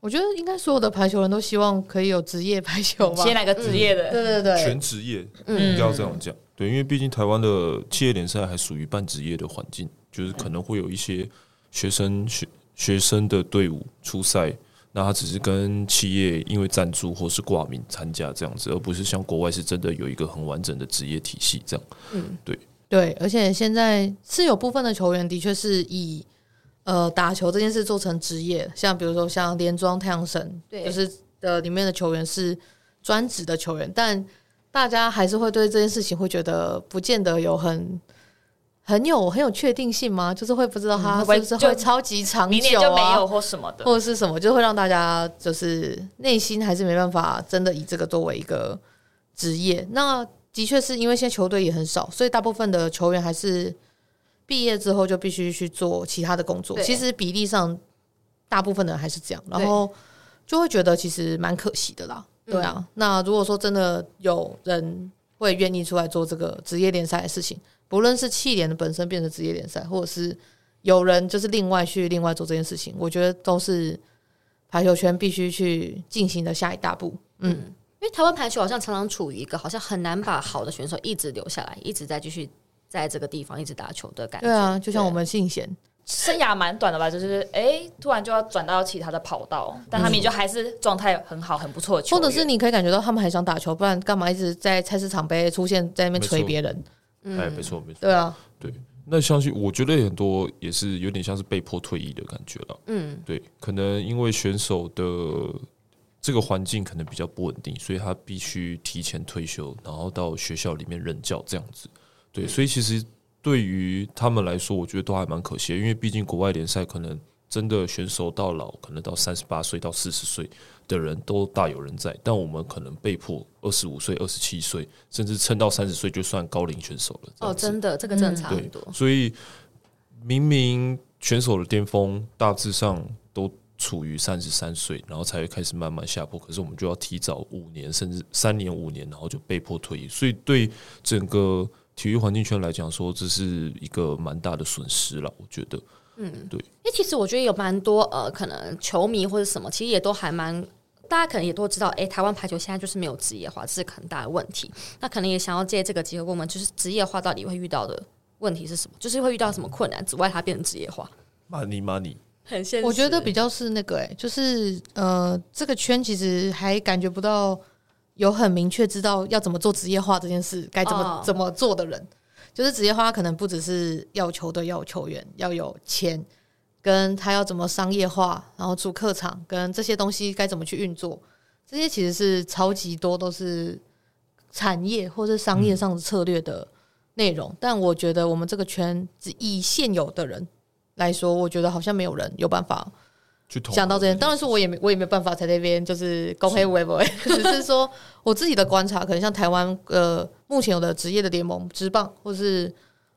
我覺得應該所有的排球人都希望可以有職業排球吧。先來個職業的，嗯、對對對，全職業應該要這樣講、嗯。對，因為畢竟台灣的企業聯賽還屬於半職業的環境，就是可能會有一些學生學學生的隊伍出賽，那他只是跟企業因為贊助或是掛名參加這樣子，而不是像國外是真的有一個很完整的職業體系這樣。嗯，對對，而且現在是有部分的球員的確是以呃打球這件事做成職業，像比如說像連莊太陽神，對，就是的裡面的球員是專職的球員，但大家還是會對這件事情會覺得不見得有很。很有很有確定性嗎？就是會不知道他是不是會超級長久啊，嗯、就明年就沒有或什麼的，或者是什麼，就會讓大家就是內心還是沒辦法真的以這個作為一個職業。那的確是因為現在球隊也很少，所以大部分的球員還是畢業之後就必須去做其他的工作。其實比例上大部分的人還是這樣，然後就會覺得其實蠻可惜的啦。對啊對，那如果說真的有人會願意出來做這個職業聯賽的事情，不論是企聯的本身變成職業聯賽，或者是有人就是另外去另外做這件事情，我覺得都是排球圈必須去進行的下一大步。嗯，因為台灣排球好像常常處於一個好像很難把好的選手一直留下來，一直在繼續在這個地方一直打球的感覺。對啊，就像我們信賢， [laughs] 生涯蠻短的吧，就是誒、欸，突然就要轉到其他的跑道，但他們也就還是狀態很好，很不錯。或者是你可以感覺到他們還想打球，不然幹嘛一直在菜市場杯出現在那邊錘別人？哎，沒錯、嗯、沒錯。對啊，對，那相信我覺得很多也是有點像是被迫退役的感覺了。嗯，對，可能因為選手的這個環境可能比較不穩定，所以他必須提前退休，然後到學校裡面任教這樣子。對，所以其實對於他們來說，我覺得都還蠻可惜的，因為畢竟國外聯賽可能真的選手到老，可能到三十八歲到四十歲。的人都大有人在，但我們可能被迫二十五歲、二十七歲，甚至撐到三十歲就算高齡選手了。哦，真的，這個正常。對，所以明明選手的巔峰大致上都處於三十三歲，然後才會開始慢慢下坡，可是我們就要提早五年，甚至三年、五年，然後就被迫退役。所以對整個體育環境圈來講，說這是一個蠻大的損失了，我覺得。嗯，對。哎，其實我覺得有蠻多呃，可能球迷或者什麼，其實也都還蠻大家可能也都知道，哎、欸，台灣排球現在就是沒有職業化，這是很大的問題。那可能也想要借這個機會問問，就是職業化到底會遇到的問題是什麼？就是會遇到什麼困難？阻礙它變成職業化，money money，很現實。我覺得比較是那個、欸，哎，就是呃，這個圈其實還感覺不到有很明確知道要怎麼做職業化這件事，該怎麼、oh. 怎麼做的人。就是職業化可能不只是要求的要球員要有錢，跟他要怎麼商業化，然後主客場跟這些東西該怎麼去運作，這些其實是超級多都是產業或是商業上的策略的內容、嗯。但我覺得我們這個圈子以現有的人來說，我覺得好像沒有人有辦法。想到這邊，當然是我也沒我也沒辦法在那邊就是公開 w e i b 只是說我自己的觀察，可能像台灣呃目前有的職業的聯盟職棒或是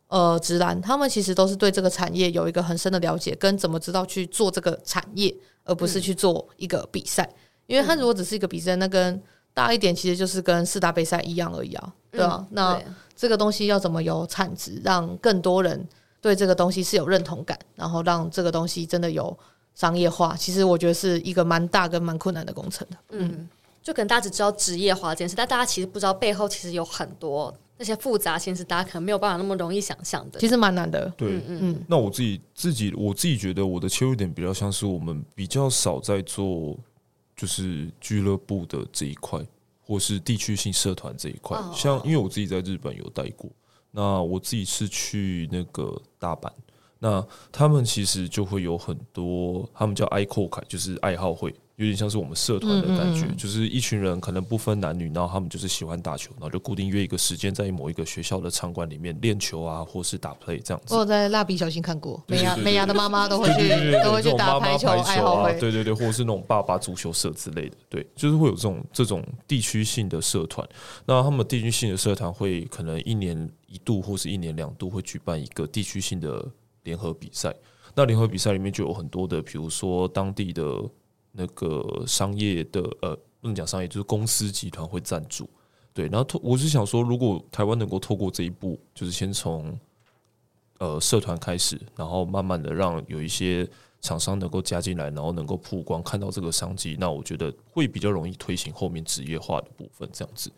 呃職籃，他們其實都是對這個產業有一個很深的了解，跟怎麼知道去做這個產業，而不是去做一個比賽、嗯。因為他如果只是一個比賽，那跟大一點其實就是跟四大杯賽一樣而已啊，嗯、對吧、啊？那這個東西要怎麼有產值，讓更多人對這個東西是有認同感，然後讓這個東西真的有。商業化，其實我覺得是一個蠻大跟蠻困難的工程的，嗯。嗯，就可能大家只知道職業化這件事，但大家其實不知道背後其實有很多那些複雜性，是大家可能沒有辦法那麼容易想象的。其實蠻難的。對，嗯，嗯，那我自己自己我自己覺得我的切入點比較像是我們比較少在做就是俱樂部的這一塊，或是地區性社團這一塊。哦，像因為我自己在日本有待過，那我自己是去那個大阪。那他們其實就會有很多，他們叫愛好會，就是愛好會，有點像是我們社團的感覺。嗯嗯嗯，就是一群人可能不分男女，然後他們就是喜歡打球，然後就固定約一個時間，在某一個學校的場館裡面練球啊，或是打 play 這樣子。我有在蠟筆小新看過，對對對對對，美牙美牙的媽媽都會去對對對對對，都會去打排球，媽媽排球啊、愛好會，對對對，或者是那種爸爸足球社之類的，對，就是會有這種這種地區性的社團。那他們地區性的社團會可能一年一度或是一年兩度會舉辦一個地區性的。聯合比賽，那聯合比賽裡面就有很多的，比如說當地的那個商業的，呃，不能講商業，就是公司集團會贊助，對。然後，透我是想說，如果台灣能夠透過這一步，就是先從呃社團開始，然後慢慢的讓有一些廠商能夠加進來，然後能夠曝光，看到這個商機，那我覺得會比較容易推行後面職業化的部分，這樣子。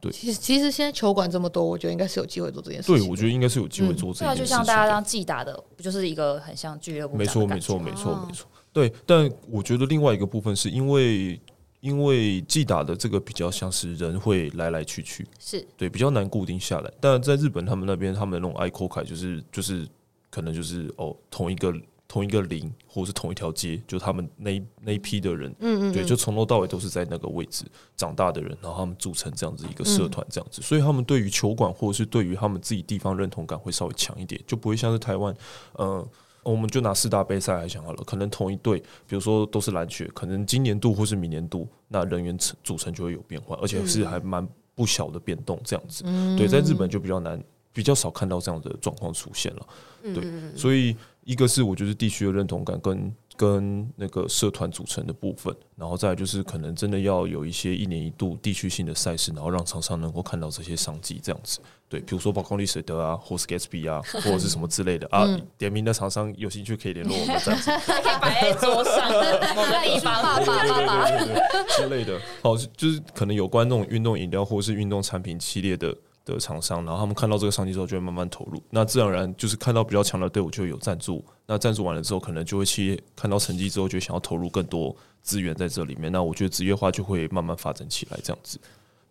對，其實其實現在球館這麼多，我覺得應該是有機會做這件事。對，我覺得應該是有機會做這件事。對、嗯，那就像大家像季打的，不就是一個很像俱樂部的？沒錯，沒錯，沒錯，沒、啊、錯。對，但我覺得另外一個部分是因為，因為季打的這個比較像是人會來來去去，是對，比較難固定下來。但在日本他們那邊，他們那種愛扣開就是就是可能就是哦同一個。同一個林，或者是同一條街，就他們那一那一批的人，嗯嗯，嗯，對，就從頭到尾都是在那個位置長大的人，然後他們組成這樣子一個社團，這樣子、嗯，所以他們對於球館或者是對於他們自己地方認同感會稍微強一點，就不會像是台灣，嗯、呃，我們就拿四大杯賽來講好了，可能同一隊，比如說都是藍血，可能今年度或是明年度，那人員組成就會有變化，而且是還蠻不小的變動，這樣子，對，在日本就比較難，比較少看到這樣的狀況出現了，對，所以。一個是我就是地區的認同感跟跟那個社團組成的部分，然後再，就是可能真的要有一些一年一度地區性的賽事，然後讓廠商能夠看到這些商機這樣子。對，比如說寶礦力水得啊，或是 Gatsby 啊，或者是什麼之類的啊、嗯，點名的廠商有興趣可以聯絡我們這樣，可以擺在桌上，放在一旁，放放之類的。好，就是可能有關那種運動飲料或者是運動產品系列的。的廠商，然後他們看到這個商機之後，就會慢慢投入。那自然而然就是看到比較強的隊伍，就會有贊助。那贊助完了之後，可能就會去看到成績之後，就想要投入更多資源在這裡面。那我覺得職業化就會慢慢發展起來，這樣子。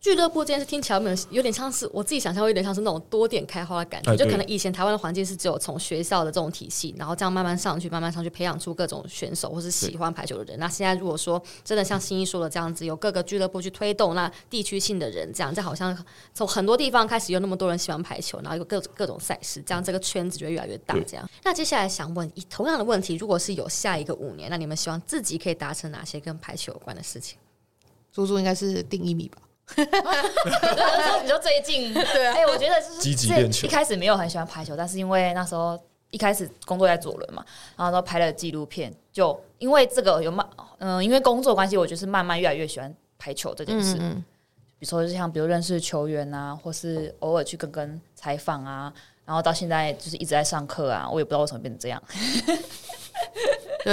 俱樂部這件事聽起來沒有，有點像是我自己想象，有點像是那種多點開花的感覺。哎、就可能以前台灣的環境是只有從學校的這種體系，然後這樣慢慢上去，慢慢上去培養出各種選手或是喜歡排球的人。那現在如果說真的像新一說的這樣子，有各個俱樂部去推動，那地區性的人這樣，這好像從很多地方開始有那麼多人喜歡排球，然後有各各種賽事，這樣這個圈子就會越來越大。這樣，那接下來想問，以同樣的問題，如果是有下一個五年，那你們希望自己可以達成哪些跟排球有關的事情？朱朱應該是定一米吧。哈哈你最近，哎、 [laughs] 啊，欸，我覺得就是、是一開始沒有很喜歡排球，但是因為那時候一開始工作在左輪嘛，然後都拍了紀錄片，就因為這個有慢，嗯、呃，因為工作關係，我就是慢慢越來越喜歡排球這件事。嗯嗯嗯，比如說，就像比如認識球員啊，或是偶爾去跟跟採訪啊，然後到現在就是一直在上課啊，我也不知道為什麼變成這樣。 [laughs]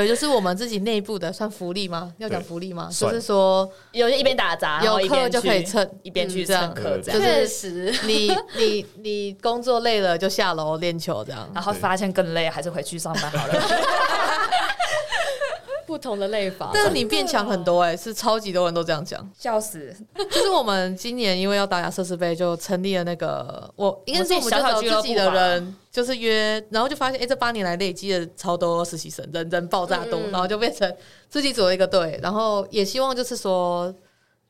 對，就是我們自己內部的算福利嗎？要講福利嗎？就是說，有一邊打雜，有課就可以蹭，一邊去上課、嗯、這樣。嗯、這樣就是你，你你 [laughs] 你工作累了就下樓練球，這樣，然後發現更累，還是回去上班好了。 [laughs] 不同的類法，但是你變強很多哎、欸， [laughs] 是超級多人都這樣講，笑死！就是我們今年因為要打亞瑟斯盃，就成立了那個我， [laughs] 應該是我們就找自己的人，就是約，然後就發現哎、欸，這八年來累積了超多實習生，人人爆炸多，嗯嗯，然後就變成自己組了一個隊，然後也希望就是說，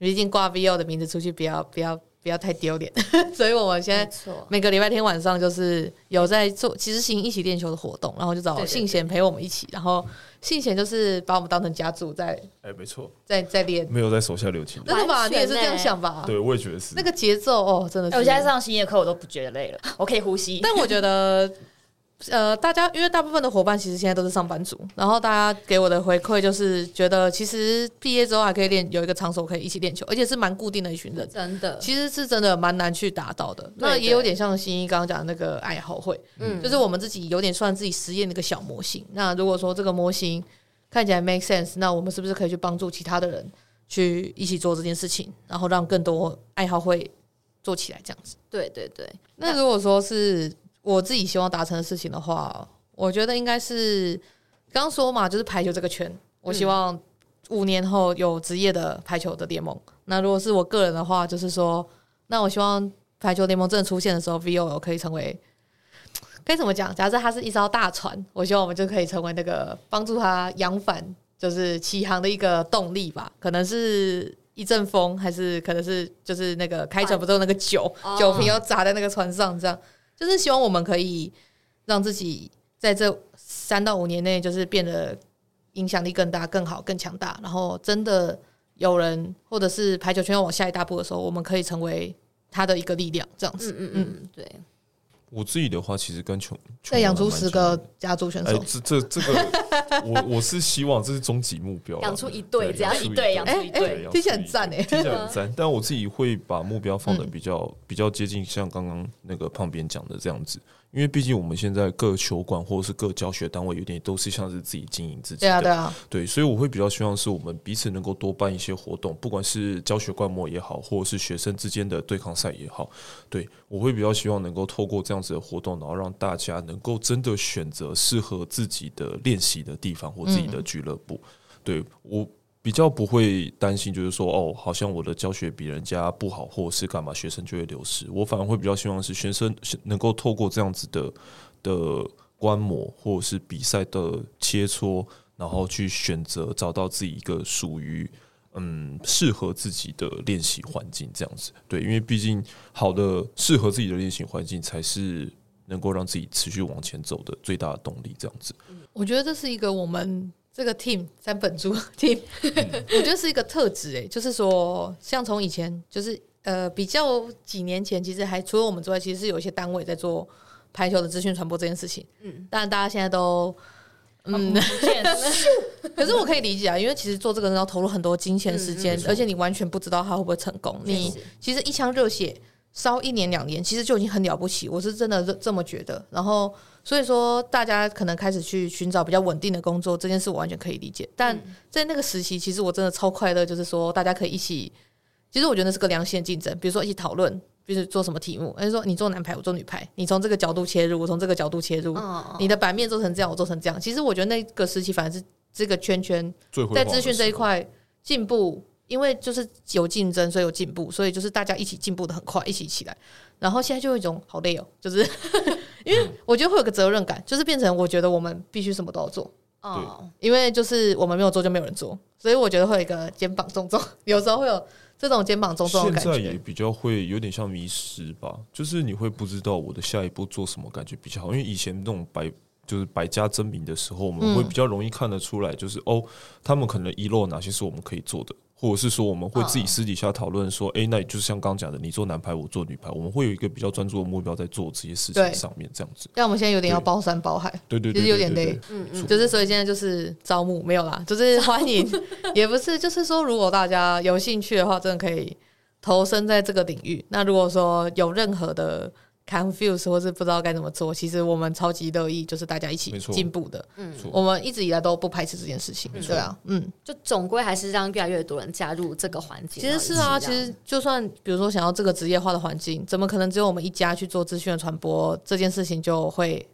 畢竟掛 VOL 的名字出去不，不要不要。不要太丟臉， [laughs] 所以我們現在每個禮拜天晚上就是有在做其實行一起練球的活動，然後就找信賢陪我們一起，然後信賢就是把我們當成家族在，哎、欸，沒錯，在在練，沒有在手下留情，真的吧，你也是這樣想吧？對，我也覺得是那個節奏哦，真的是。我現在上信賢課我都不覺得累了，我可以呼吸， [laughs] 但我覺得。呃，大家因為大部分的夥伴其實現在都是上班族，然後大家給我的回饋就是覺得，其實畢業之後還可以練，有一個場所可以一起練球，而且是蠻固定的一群人，真的，其實是真的蠻難去達到的，對對對。那也有點像新一剛剛講的那個愛好會，嗯，就是我們自己有點算自己實驗的一個小模型，嗯。那如果說這個模型看起來 make sense，那我們是不是可以去幫助其他的人去一起做這件事情，然後讓更多愛好會做起來這樣子？對對對。那如果說是我自己希望達成的事情的話，我覺得應該是剛說嘛，就是排球這個圈，嗯、我希望五年後有職業的排球的聯盟。那如果是我個人的話，就是說，那我希望排球聯盟真的出現的時候 VOL 可以成為，該怎麼講？假設它是一艘大船，我希望我們就可以成為那個幫助他揚帆，就是起航的一個動力吧。可能是一陣風，還是可能是就是那個開船不動那個酒、oh. 酒瓶要砸在那個船上這樣。就是希望我們可以讓自己在這三到五年內，就是變得影響力更大、更好、更強大。然後真的有人或者是排球圈往下一大步的時候，我們可以成為他的一個力量，這樣子。嗯嗯嗯，嗯對。我自己的話，其實跟瓊在養豬十個家族選手。哎，這這這個， [laughs] 我我是希望這是終極目標。養出一對，對一，對對一對，只要一對，養出一對，一對、欸，聽起來很贊呢。聽起來很贊。但我自己會把目標放的比較、嗯、比較接近，像剛剛那個胖編講的這樣子，因為畢竟我們現在各球館或者是各教學單位有點都是像是自己經營自己的，對啊，對啊，對，所以我會比較希望是我們彼此能夠多辦一些活動，不管是教學觀摩也好，或者是學生之間的對抗賽也好，對我會比較希望能夠透過這樣子的活動，然後讓大家能夠真的選擇適合自己的練習的地方或自己的俱樂部，嗯、對我。比較不會擔心，就是說哦，好像我的教學比人家不好，或者是幹嘛，學生就會流失。我反而會比較希望是學生能夠透過這樣子的的觀摩，或者是比賽的切磋，然後去選擇找到自己一個屬於嗯適合自己的練習環境。這樣子，對，因為畢竟好的適合自己的練習環境，才是能夠讓自己持續往前走的最大的動力。這樣子，我覺得這是一個我們。這個 team 三本豬 team， [laughs] 我覺得是一個特質誒，就是說，像從以前，就是呃，比較幾年前，其實還除了我們之外，其實是有一些單位在做排球的資訊傳播這件事情。嗯，但大家現在都嗯、啊， [laughs] 可是我可以理解啊， [laughs] 因為其實做這個要投入很多金錢、時間、嗯嗯，而且你完全不知道他會不會成功。你其實一腔熱血。燒一年兩年，其實就已經很了不起，我是真的這，這麼覺得。然後，所以說大家可能開始去尋找比較穩定的工作，這件事我完全可以理解。但在那個時期，其實我真的超快樂，就是說大家可以一起。其實我覺得那是個良性競爭，比如說一起討論，比如，說討論比如說做什麼題目，比如說你做男排，我做女排，你從這個角度切入，我從這個角度切入，Oh. 你的版面做成這樣，我做成這樣。其實我覺得那個時期反而是這個圈圈在資訊這一塊進步。因為就是有競爭，所以有進步，所以就是大家一起進步的很快，一起起來。然後現在就有一種好累哦、喔，就是因為我覺得會有個責任感，就是變成我覺得我們必須什麼都要做啊、oh，對，因為就是我們沒有做就沒有人做，所以我覺得會有一個肩膀重重，有時候會有這種肩膀重重的感覺。現在也比較會有點像迷失吧，就是你會不知道我的下一步做什麼，感覺比較好。因為以前那種百就是百家爭鳴的時候，我們會比較容易看得出來，就是、嗯、哦，他們可能遺漏哪些是我們可以做的。或者是說我們會自己私底下討論說，哎、啊欸，那也就是像剛剛講的，你做男排，我做女排，我們會有一個比較專注的目標在做這些事情上面，這樣子。那我們現在有點要包山包海，對對對，對，對，對，對，就是、有點累。嗯，嗯，就是所以現在就是招募，沒有啦，就是歡迎， [laughs] 也不是，就是說如果大家有興趣的話，真的可以投身在這個領域。那如果說有任何的。confuse 或是不知道該怎麼做，其實我們超級樂意，就是大家一起進步的。嗯，我們一直以來都不排斥這件事情。對啊，嗯，就總歸還是讓越來越多人加入這個環境。其實，是啊，其實就算比如說想要這個職業化的環境，怎麼可能只有我們一家去做資訊的傳播這件事情就會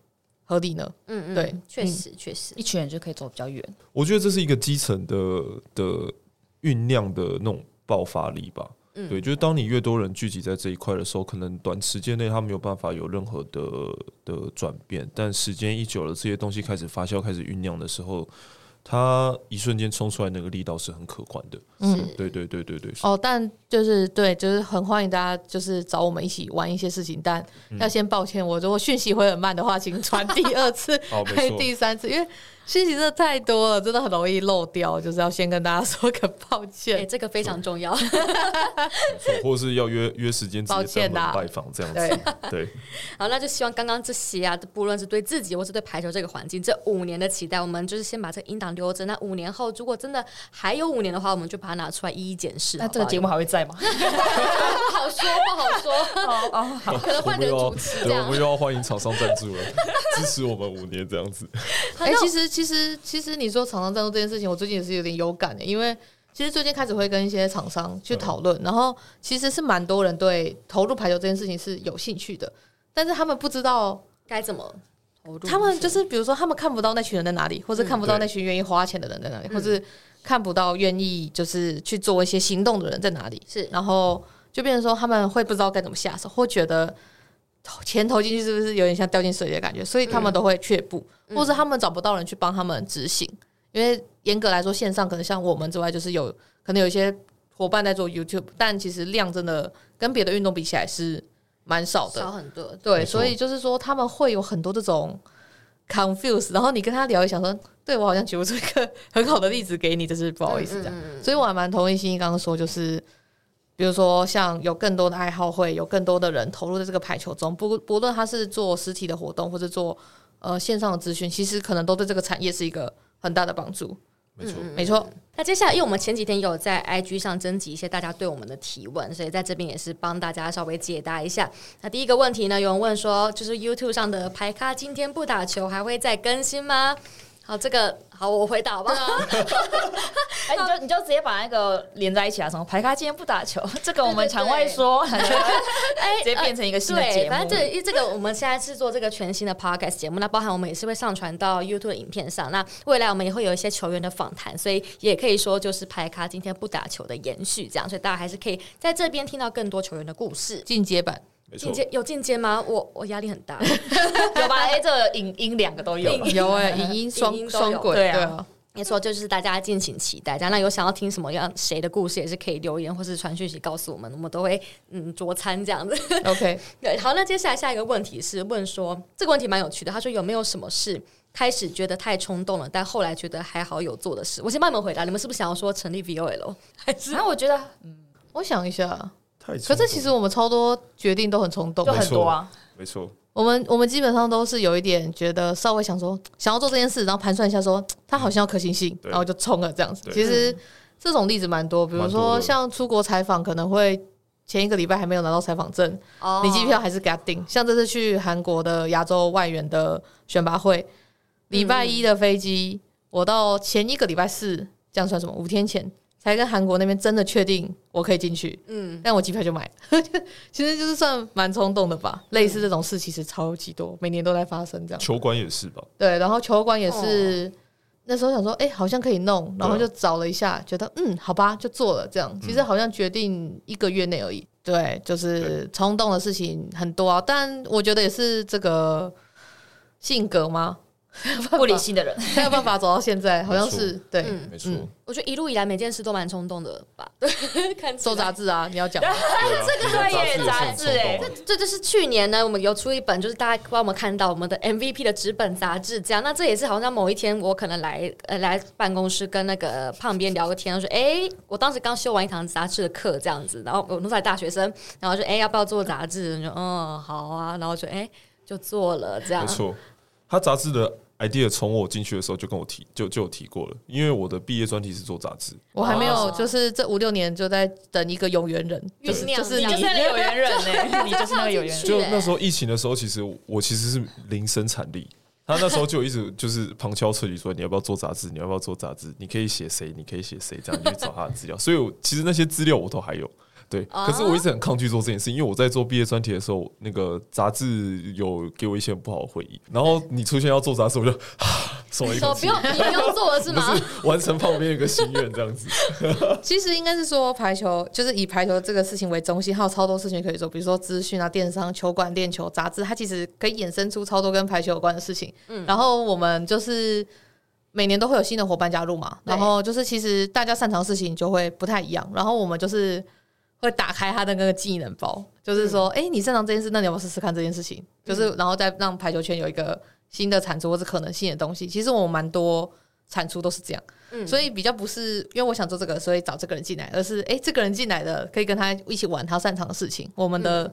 合理呢？嗯嗯，對，確實，嗯，確實，一群人就可以走比較遠。我覺得這是一個基層的的醞釀的那種爆發力吧。對，就是當你越多人聚集在這一塊的時候，可能短時間內他沒有辦法有任何的的轉變，但時間一久了，這些東西開始發酵、開始醞釀的時候，他一瞬間衝出來那個力道是很可觀的。嗯，對對對對對。哦，但就是對，就是很歡迎大家，就是找我們一起玩一些事情，但要先抱歉，我如果訊息會很慢的話，請傳第二次、 [laughs] 哦、還第三次，因為。信息真的太多了，真的很容易漏掉，就是要先跟大家說個抱歉。哎、欸，這個非常重要， [laughs] 或是要約約時間，抱歉拜訪這樣子。對，好，那就希望剛剛這些啊，不論是對自己，或是對排球這個環境，這五年的期待，我們就是先把這個音檔留着。那五年後，如果真的還有五年的話，我們就把它拿出來一一檢視。那這個節目還會在嗎？ [laughs] [laughs] 好不好說，不好說。哦哦，可能換，對我們又要，要，要歡迎廠商贊助了， [laughs] 支持我們五年這樣子。哎、欸，其實。其實，其實你說廠商贊助這件事情，我最近也是有點有感的，因為其實最近開始會跟一些廠商去討論、嗯，然後其實是蠻多人對投入排球這件事情是有興趣的，但是他們不知道該怎麼投入。他們就是比如說，他們看不到那群人在哪裡，或者看不到那群願意花錢的人在哪裡，嗯、或者看不到願意就是去做一些行動的人在哪裡。是、嗯，然後就變成說他們會不知道該怎麼下手，或覺得。錢投進去是不是有點像掉進水裡的感覺？所以他們都會卻步，嗯、或者他們找不到人去幫他們執行、嗯。因為嚴格來說，線上可能像我們之外，就是有可能有一些夥伴在做 YouTube，但其實量真的跟別的運動比起來是蠻少的，少很多。對，所以就是說他們會有很多這種 confuse。然後你跟他聊一下說，對我好像舉不出一個很好的例子給你，就是不好意思這樣。嗯、所以我還蠻同意新一剛剛說，就是。比如說，像有更多的愛好會，會有更多的人投入在這個排球中。不不論他是做實體的活動，或者做呃線上的資訊，其實可能都對這個產業是一個很大的幫助。沒錯、嗯，沒錯、嗯。那接下來，因為我們前幾天有在 IG 上徵集一些大家對我們的提問，所以在這邊也是幫大家稍微解答一下。那第一個問題呢，有人問說，就是 YouTube 上的排咖今天不打球，還會再更新嗎？好，這個好，我回答好不好？哎 [laughs] [laughs] 欸，你就你就直接把那個連在一起啊！什麼排咖今天不打球，這個我們場外說，對對對 [laughs] 直接變成一個新的節目、欸呃對。反正這這個我們現在制作這個全新的 podcast 節目，那包含我們也是會上傳到 YouTube 的影片上。那未來我們也會有一些球員的訪談，所以也可以說就是排咖今天不打球的延續，這樣，所以大家還是可以在這邊聽到更多球員的故事進階版。有進階嗎？我我壓力很大， [laughs] 有吧？欸、這個、影音兩個都有，有哎，影音雙雙軌，對啊，對沒錯，就是大家敬請期待。當然，有想要聽什麼樣誰的故事，也是可以留言或是傳訊息告訴我們，我們都會嗯酌參這樣子。OK，對，好，那接下來下一個問題是問說這個問題蠻有趣的，他說有沒有什麼事開始覺得太衝動了，但後來覺得還好有做的事？我先幫你們回答，你們是不是想要說成立 VOL 還是、啊？我覺得，嗯，我想一下。可是其實我們超多決定都很衝動，就很多啊沒錯，沒錯。我們我們基本上都是有一點覺得稍微想說想要做這件事，然後盤算一下說他、嗯、好像有可行性，然後就衝了這樣子。其實這種例子蠻多，比如說像出國採訪，可能會前一個禮拜還沒有拿到採訪證，你機票還是給他訂。像這次去韓國的亞洲外援的選拔會，禮、嗯、拜一的飛機，我到前一個禮拜四，這樣算什麼？五天前。才跟韓國那邊真的確定我可以進去，嗯，但我機票就買了， [laughs] 其實就是算蠻衝動的吧。類似這種事其實超級多，每年都在發生這樣。球館也是吧？對，然後球館也是、哦、那時候想說，哎、欸，好像可以弄，然後就找了一下，啊、覺得嗯，好吧，就做了這樣。其實好像決定一個月內而已。對，就是衝動的事情很多啊，但我覺得也是這個性格嘛？不理性的人才 [laughs] 有辦法走到現在，好像是對，嗯、沒錯、嗯。我覺得一路以來每件事都蠻衝動的吧。 [laughs] 看做雜誌啊，你要講這個專業雜誌哎，這這就是去年呢，我們有出一本，就是大家幫我們看到我們的 MVP 的紙本雜誌這樣。那這也是好像某一天我可能來呃來辦公室跟那個胖編聊個天，說哎、欸，我當時剛修完一堂雜誌的課這樣子，然後我那在大學生，然後說哎、欸、要不要做雜誌？你說嗯好啊，然後說哎就、欸、就做了這樣。他雜誌的 idea 從我進去的時候就跟我提，就就有提過了。因為我的畢業專題是做雜誌，我還沒有，就是這五六年就在等一個有緣人，啊，就是你，就是你是有緣人呢，你就是那個有緣人， [laughs] 人。就那時候疫情的時候，其實我，我其實是零生產力，他那時候就一直就是旁敲側擊說你要不要做雜誌，你要不要做雜誌，你可以寫誰，你可以寫誰，這樣你去找他的資料。所以我其實那些資料我都還有。對、啊，可是我一直很抗拒做這件事，因為我在做畢業專題的時候，那個雜誌有給我一些不好的回憶。然後你出現要做雜誌，我就所以不用 [laughs] 你不用做了是嗎？是完成胖編一個心願這樣子 [laughs] 其實應該是說排球，就是以排球這個事情為中心，還有，超多事情可以做，比如說資訊啊、電商、球館、電球、雜誌，它其實可以衍生出超多跟排球有關的事情。嗯、然後我們就是每年都會有新的夥伴加入嘛，然後就是其實大家擅長的事情就會不太一樣，然後我們就是。會打開他的那個技能包，就是說，哎、嗯欸，你擅長這件事，那你有沒有試試看這件事情？嗯、就是，然後再讓排球圈有一個新的產出或者可能性的東西。其實我蠻多產出都是這樣，嗯，所以比較不是因為我想做這個，所以找這個人進來，而是哎、欸，這個人進來的可以跟他一起玩他擅長的事情。我們的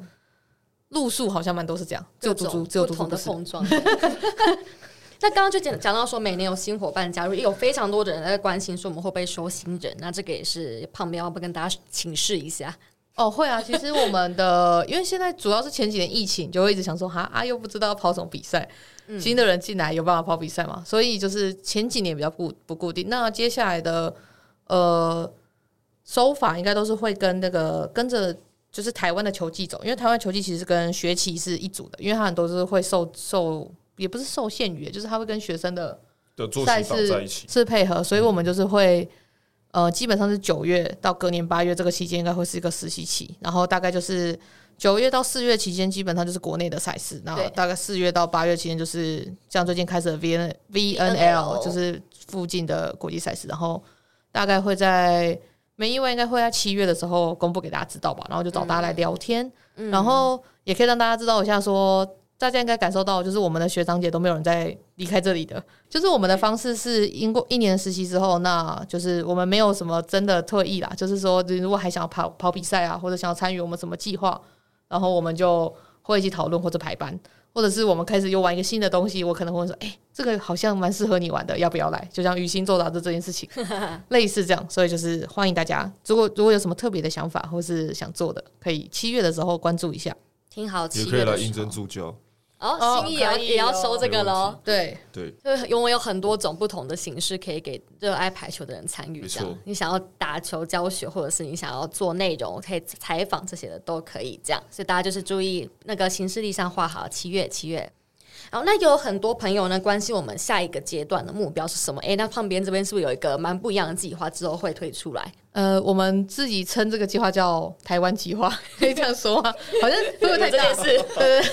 路數好像蠻多是這樣，只、嗯、有足、足，足只有足足不是不同的碰撞。 [laughs] 那剛剛就講講到說，每年有新夥伴加入，也有非常多的人在關心說我們會不會收新人。那這個也是胖編，要不要跟大家請示一下哦？會啊。其實我們的 [laughs] 因為現在主要是前幾年疫情，就會一直想說啊啊，又不知道要跑什麼比賽、嗯，新的人進來有辦法跑比賽嘛。所以就是前幾年比較不不固定。那接下來的呃收法、so、應該都是會跟那個跟着就是台灣的球技走，因為台灣球技其實跟學期是一組的，因為他很多是會受受。也不是受限於，就是他會跟學生的賽事在一起，是配合，所以我們就是會，呃，基本上是九月到隔年八月這個期間應該會是一個實習期，然後大概就是九月到四月期間基本上就是國內的賽事，然後大概四月到八月期間就是像最近開始的 V N V N L 就是附近的國際賽事，然後大概會在沒意外應該會在七月的時候公布給大家知道吧，然後就找大家來聊天，然後也可以讓大家知道一下說。大家應該感受到，就是我們的學長姐都沒有人在離開這裡的，就是我們的方式是，經過一年實習之後，那就是我們沒有什麼真的退役啦。就是說，如果還想要跑跑比賽啊，或者想要參與我們什麼計劃，然後我們就會一起討論或者排班，或者是我們開始又玩一個新的東西，我可能會說，誒、欸，這個好像蠻適合你玩的，要不要來？就像宇昕做到的這件事情，類似這樣，所以就是歡迎大家。如果如果有什麼特別的想法或是想做的，可以七月的時候關注一下，挺好，也可以來應徵助教。哦，哦，新一也要、哦、也要收這個嘍，對對，因為有很多種不同的形式可以給熱愛排球的人參與，這樣，你想要打球教學，或者是你想要做內容，可以採訪這些的都可以，這樣，所以大家就是注意那個形式例上畫好七月七月。好，那有很多朋友呢關心我們下一個階段的目標是什麼？哎、欸，那胖編這邊是不是有一個蠻不一樣的計劃之後會推出來？呃，我們自己稱這個計劃叫台灣計劃，可以這樣說嗎？ [laughs] 好像會不會太對式， [laughs] 這也是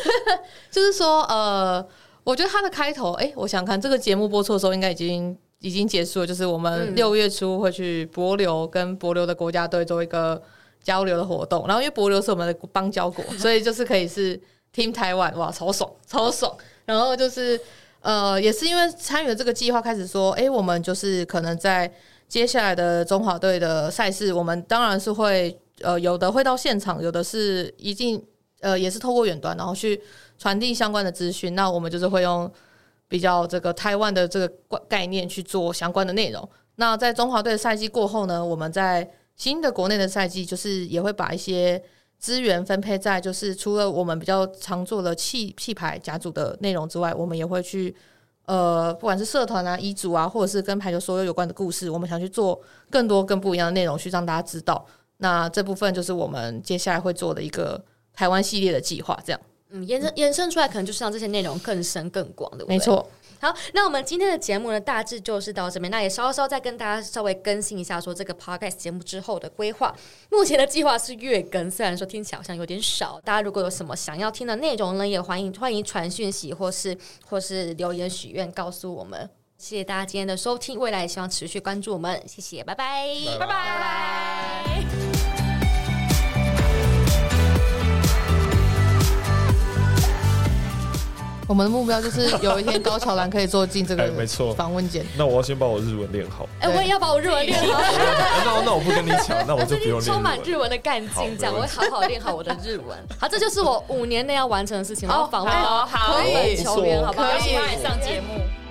[laughs] 就是說呃，我覺得它的開頭，哎、欸，我想看這個節目播出的時候應該已經已經結束了，就是我們六月初會去帛琉跟帛琉的國家隊做一個交流的活動，然後因為帛琉是我們的邦交國， [laughs] 所以就是可以是 team 台灣，哇，超爽，超爽。然後就是，呃，也是因為參與了這個計劃，開始說，哎，我們就是可能在接下來的中華隊的賽事，我們當然是會，呃，有的會到現場，有的是一定，呃，也是透過遠端，然後去傳遞相關的資訊。那我們就是會用比較這個台灣的這個概念去做相關的內容。那在中華隊的賽季過後呢，我們在新的國內的賽季，就是也會把一些。資源分配在，就是除了我們比較常做的企、企排甲組的內容之外，我們也會去呃，不管是社團啊、乙組啊，或者是跟排球所有有關的故事，我們想去做更多更不一樣的內容，去讓大家知道。那這部分就是我們接下來會做的一個台灣系列的計劃。這樣，嗯，延伸延伸出來，可能就是讓這些內容更深更廣，的，對吧？沒錯。好，那我們今天的節目呢，大致就是到這邊。那也稍稍再跟大家稍微更新一下，說這個 Podcast 節目之後的規劃。目前的計劃是月更，雖然說聽起來好像有點少。大家如果有什麼想要聽的內容呢，也歡迎歡迎傳訊息，或是或是留言許願告訴我們。謝謝大家今天的收聽，未來也希望持續關注我們。謝謝，拜拜，拜拜。我們的目標就是有一天高橋蘭可以坐進這個訪問間。哎，沒錯，訪問間，那我要先把我日文練好。哎，我也要把我日文練好。 [laughs] 嗯、那那，那我不跟你搶，那我就不用。充滿日文的幹勁，這樣我會好好練好我的日文。好，這就是我五年內要完成的事情。我要訪問，好。好。求聯，球員好不好？希望來上節目！